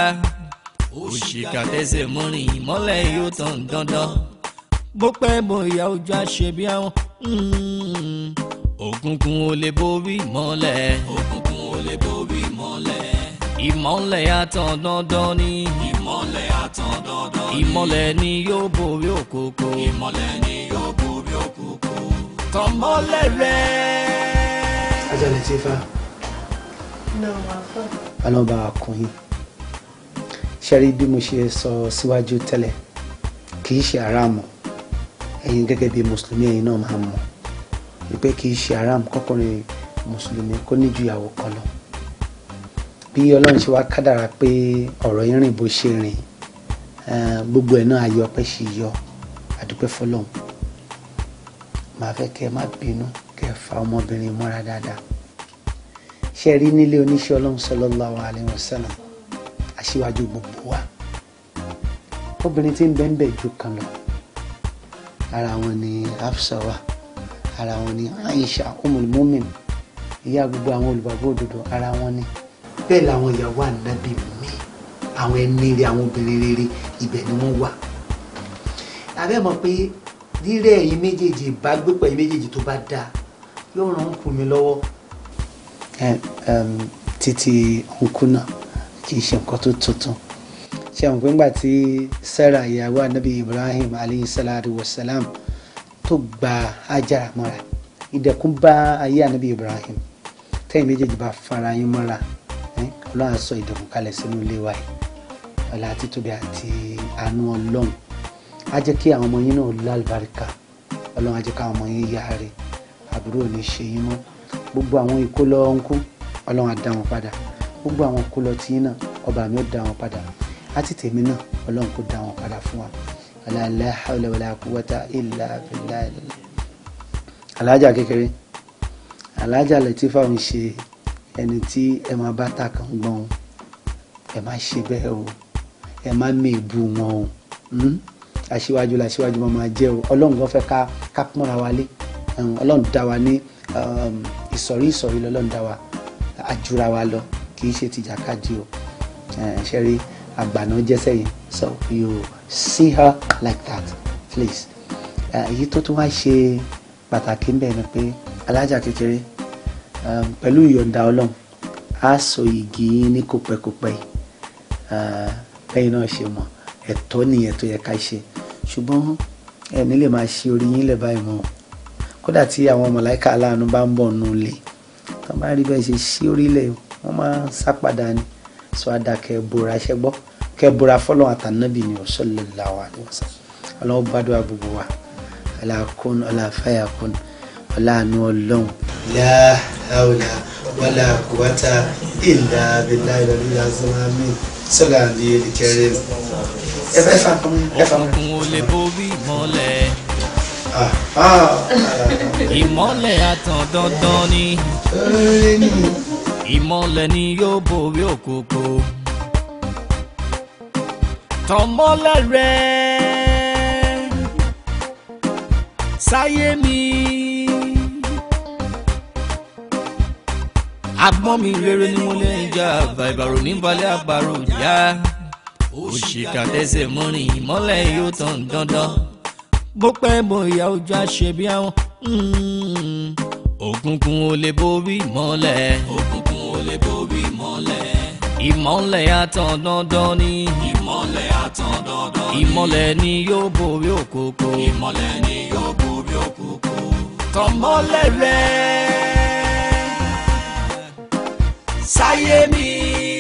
òṣìkà tẹsẹ̀ mọ́rin ìmọ́lẹ̀ yóò tàn dandan bó pẹ́ bóyá ojú àṣẹ bí àwọn hmm. òkùnkùn ò lè borí ìmọ́lẹ̀ òkùnkùn ò lè borí ìmọ́lẹ̀ ìmọ́lẹ̀ àtàn dandan ni ìmọ́lẹ̀ àtàn dandan ni ìmọ́lẹ̀ ni yóò borí òkòkò ìmọ́lẹ̀ ni yóò borí òkòkò tọmọlẹ̀ rẹ̀. ajá lè ti fa ọlọ́ba kan yín ṣẹ́rí bí mo ṣe sọ síwájú tẹ́lẹ̀ kì í ṣe aráàmù ẹ̀yin gẹ́gẹ́ bí mùsùlùmí ẹ̀yin náà máa mọ̀ wípé kì í ṣe aráàmù kọ́kùnrin mùsùlùmí kó ní ju ìyàwó kan lọ bí ọlọ́run ṣe wá kádàrá pé ọ̀rọ̀ yín rìn bó ṣe rìn eh, gbogbo ẹ̀ náà ayọ̀ pé ṣì yọ àdúpẹ́ fọlọ́hún màá fẹ́ kẹ́ ẹ má bínú kẹ́ ẹ fa ọmọbìnrin mọ́ra dáadáa ṣe rí nílé oníṣẹ́ ọlọ́run sallallahu alaihi wasallam aṣíwájú gbogbo wa obìnrin tí ń bẹ ń bẹ ju kan lọ ara wọn ni Hafsa ara wọn ni Aisha umul mumin ìyá gbogbo àwọn olùgbàgbọ́ òdodo ara wọn ni bẹ́ẹ̀ làwọn ìyàwó ànábì mi àwọn ẹni rere àwọn obìnrin rere ibẹ̀ ni wọ́n wà abẹ́ mọ̀ pé rírẹ̀ ẹ̀yin méjèèjì bá gbé pẹ̀lú méjèèjì tó bá dáa yóò ràn án kù mí lọ́wọ́ titi òǹkú náà kì í ṣe nǹkan tó tuntun ṣe àwọn pé ńgbà Sarah ìyàwó anabi Ibrahim alayhi salatu wa salam tó gba Hajara mọ́ra ìdẹ̀kùn bá ayé anabi Ibrahim tẹ́yìn méjèèjì bá fara yín mọ́ra ọlọ́run á sọ ìdẹ̀kùn kalẹ̀ sínú ilé wa yìí ọ̀la àti tóbi àti àánú ọlọ́run á jẹ́ kí àwọn ọmọ yín náà lálùbáríkà ọlọ́run á jẹ́ kí àwọn ọmọ yín yára rẹ̀ àbúrò ní ṣe yín mọ́ gbogbo àwọn ìkólọ ńkú ọlọ́run á dá wọn padà gbogbo àwọn ìkólọ tìyín náà ọba mi ó dá wọn padà àti tèmi náà ọlọ́run kó dá wọn padà fún wa la hawla wala quwwata illa billah alájà kékeré alájà lẹ́tífà ń ṣe ẹni tí ẹ máa bá ta kàn gbọ́n ẹ má ṣe bẹ́ẹ̀ o ẹ má mèbù wọn o hmm? aṣíwájú la aṣíwájú máa jẹ́ o ọlọ́run gan fẹ́ ká ká pọ́nra wa lé ọlọ́run dá wa ní. Um, ìsọ̀rí ìsọ̀rí lọ́lọ́run dá wa àjùra wa lọ kì í ṣe tìjàkadì o ṣẹ́rí àgbàná jẹ́sẹ̀ yẹn so you see her like that please èyí tó tún wá ṣe pàtàkì ń bẹ̀ ni pé alájà kékeré pẹ̀lú ìyọ̀ǹda ọlọ́run á sọ igi yín ní kòpẹ́kòpẹ́ lẹ́yìn náà ṣe mọ̀ ẹ̀tọ́ nìyẹn tó yẹ ká ṣe ṣùgbọ́n ẹ̀ nílẹ̀ máa ṣe orí yín lẹ̀ báyìí mọ́ o kódà tí àwọn mọ̀láìkà aláàánú bá ń bọ̀ nù lé tó bá rí bẹ́ẹ̀ ṣe sí orílẹ̀ wọ́n máa ń sá ni sọ àdá kẹ́ẹ̀bùra ṣẹ́ gbọ́ kẹ́ẹ̀bùra fọlọ́n àtànábì ni sallallahu alaihi wasallam ọlọ́run gbàdúrà gbogbo wa aláàkún ọláfàyàkún ọláàánú ọlọ́run. la hawla wala quwwata illa billahi ìrọ̀lẹ́ àzọ́lá mi sọ́lá àbí ẹ̀ẹ́dẹ̀kẹ́rẹ́ ẹ fẹ́ fà kún ẹ kún. òkun ò lè borí mọ́lẹ̀ ìmọ́lẹ̀ àtàn dandan ni ìmọ́lẹ̀ ni yóò borí òkòkò tọmọlẹ̀ rẹ sáyé mi agbọ́n mi rere ni mo lè ń jà àbá ìbàrò níbalẹ̀ àbàrò yá òṣìkà tẹsẹ̀ mọ́rin ìmọ́lẹ̀ yóò tàn dandan bó pẹ́ bóyá ojú àṣẹ bí àwọn. Hmm. òkùnkùn ò lè borí ìmọ́lẹ̀. òkùnkùn ò lè borí ìmọ́lẹ̀. ìmọ́lẹ̀ àtàn dandan ni. ìmọ́lẹ̀ àtàn dandan ni. ìmọ́lẹ̀ ni yóò borí òkòkò. ìmọ́lẹ̀ ni yóò borí òkòkò. tọ̀mọ́lẹ̀ rẹ̀ sáyé mi.